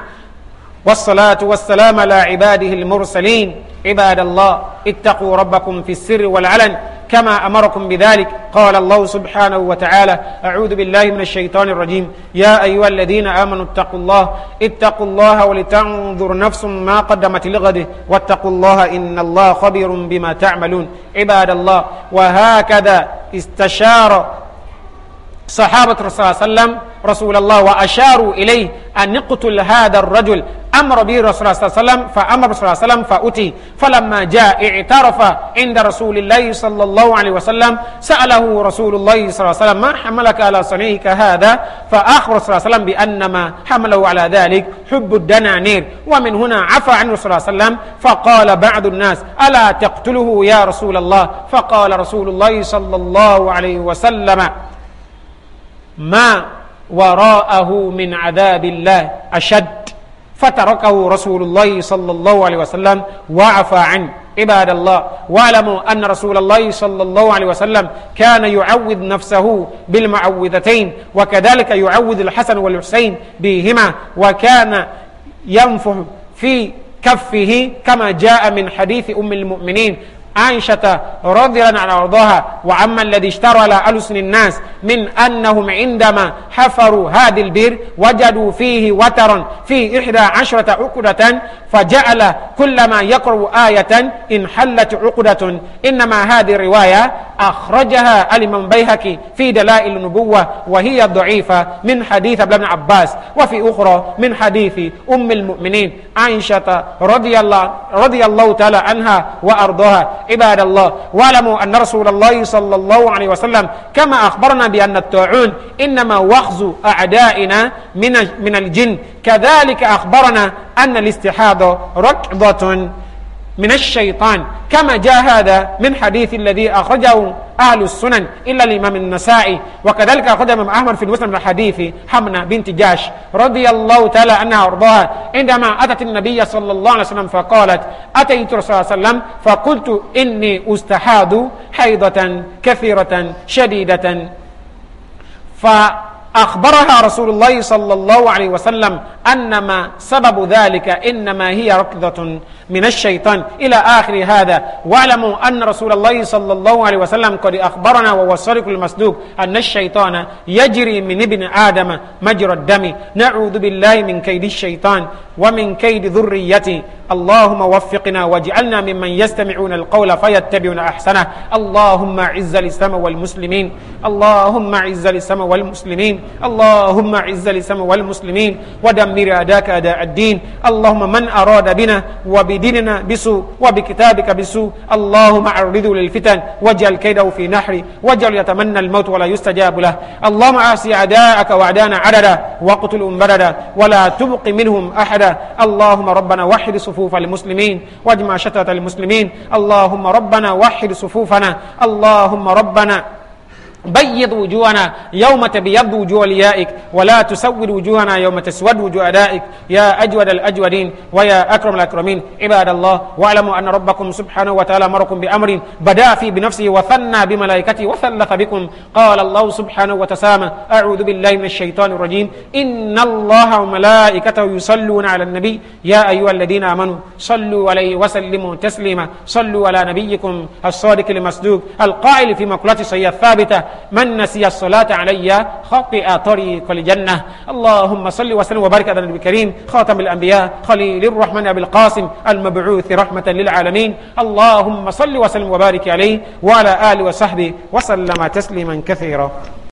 والصلاة والسلام على عباده المرسلين عباد الله اتقوا ربكم في السر والعلن كما أمركم بذلك قال الله سبحانه وتعالى أعوذ بالله من الشيطان الرجيم يا أيها الذين آمنوا اتقوا الله اتقوا الله ولتنظر نفس ما قدمت لغده واتقوا الله إن الله خبير بما تعملون عباد الله وهكذا استشار صحابة الرسول صلى الله عليه وسلم رسول الله وأشاروا إليه أن نقتل هذا الرجل أمر به الرسول صلى الله عليه وسلم فأمر الرسول صلى الله عليه وسلم فأتي فلما جاء اعترف عند رسول الله صلى الله عليه وسلم سأله رسول الله صلى الله عليه وسلم ما حملك على صنيعك هذا فأخبر صلى الله عليه وسلم بأنما حمله على ذلك حب الدنانير ومن هنا عفى عن الرسول صلى الله عليه وسلم فقال بعض الناس ألا تقتله يا رسول الله فقال رسول الله صلى الله عليه وسلم ما وراءه من عذاب الله أشد فتركه رسول الله صلى الله عليه وسلم وعفى عنه عباد الله واعلموا أن رسول الله صلى الله عليه وسلم كان يعوذ نفسه بالمعوذتين وكذلك يعوذ الحسن والحسين بهما وكان ينفه في كفه كما جاء من حديث أم المؤمنين عائشة رضي الله عنها وارضاها وعما الذي اشترى على ألسن الناس من أنهم عندما حفروا هذا البير وجدوا فيه وترا في إحدى عشرة عقدة فجعل كلما يقرأ آية انحلت عقدة إنما هذه الرواية أخرجها الإمام بيهقي في دلائل النبوة وهي ضعيفة من حديث ابن عباس وفي أخرى من حديث أم المؤمنين عائشة رضي الله رضي الله تعالى عنها وأرضاها عباد الله واعلموا أن رسول الله صلى الله عليه وسلم كما أخبرنا بأن الطاعون إنما وخز أعدائنا من من الجن كذلك أخبرنا أن الاستحاضة ركضة من الشيطان كما جاء هذا من حديث الذي أخرجه أهل السنن إلا الإمام النسائي وكذلك أخرج الإمام أحمد في المسلم الحديث حمنا بنت جاش رضي الله تعالى عنها وأرضاها عندما أتت النبي صلى الله عليه وسلم فقالت أتيت رسول الله صلى الله عليه وسلم فقلت إني أستحاذ حيضة كثيرة شديدة ف أخبرها رسول الله صلى الله عليه وسلم أنما سبب ذلك إنما هي ركضة من الشيطان إلى آخر هذا واعلموا أن رسول الله صلى الله عليه وسلم قد أخبرنا ووصلك الصادق المصدوق أن الشيطان يجري من ابن آدم مجرى الدم نعوذ بالله من كيد الشيطان ومن كيد ذريته اللهم وفقنا واجعلنا ممن يستمعون القول فيتبعون أحسنه اللهم عز الإسلام والمسلمين اللهم عز الإسلام والمسلمين اللهم عز الإسلام والمسلمين ودمر أداك أداء الدين اللهم من أراد بنا وبديننا بسوء وبكتابك بسوء اللهم عرضه للفتن واجعل كيده في نحره واجعل يتمنى الموت ولا يستجاب له اللهم أعصي أعداءك وأعدانا عددا واقتلهم بددا ولا تبق منهم أحدا اللهم ربنا وحد صفوفنا صفوف المسلمين واجمع شتات المسلمين اللهم ربنا وحد صفوفنا اللهم ربنا بيض وجوهنا يوم تبيض وجوه اليائك ولا تسود وجوهنا يوم تسود وجوه أدائك يا أجود الأجودين ويا أكرم الأكرمين عباد الله واعلموا أن ربكم سبحانه وتعالى أمركم بأمر بدأ فيه بنفسه وثنى بملائكته وثلث بكم قال الله سبحانه وتسامى أعوذ بالله من الشيطان الرجيم إن الله وملائكته يصلون على النبي يا أيها الذين آمنوا صلوا عليه وسلموا تسليما صلوا على نبيكم الصادق المصدوق القائل في مقولة سيئة الثابتة من نسي الصلاة علي خطئ طريق الجنة اللهم صل وسلم وبارك على النبي الكريم خاتم الأنبياء خليل الرحمن أبي القاسم المبعوث رحمة للعالمين اللهم صل وسلم وبارك عليه وعلى آله وصحبه وسلم تسليما كثيرا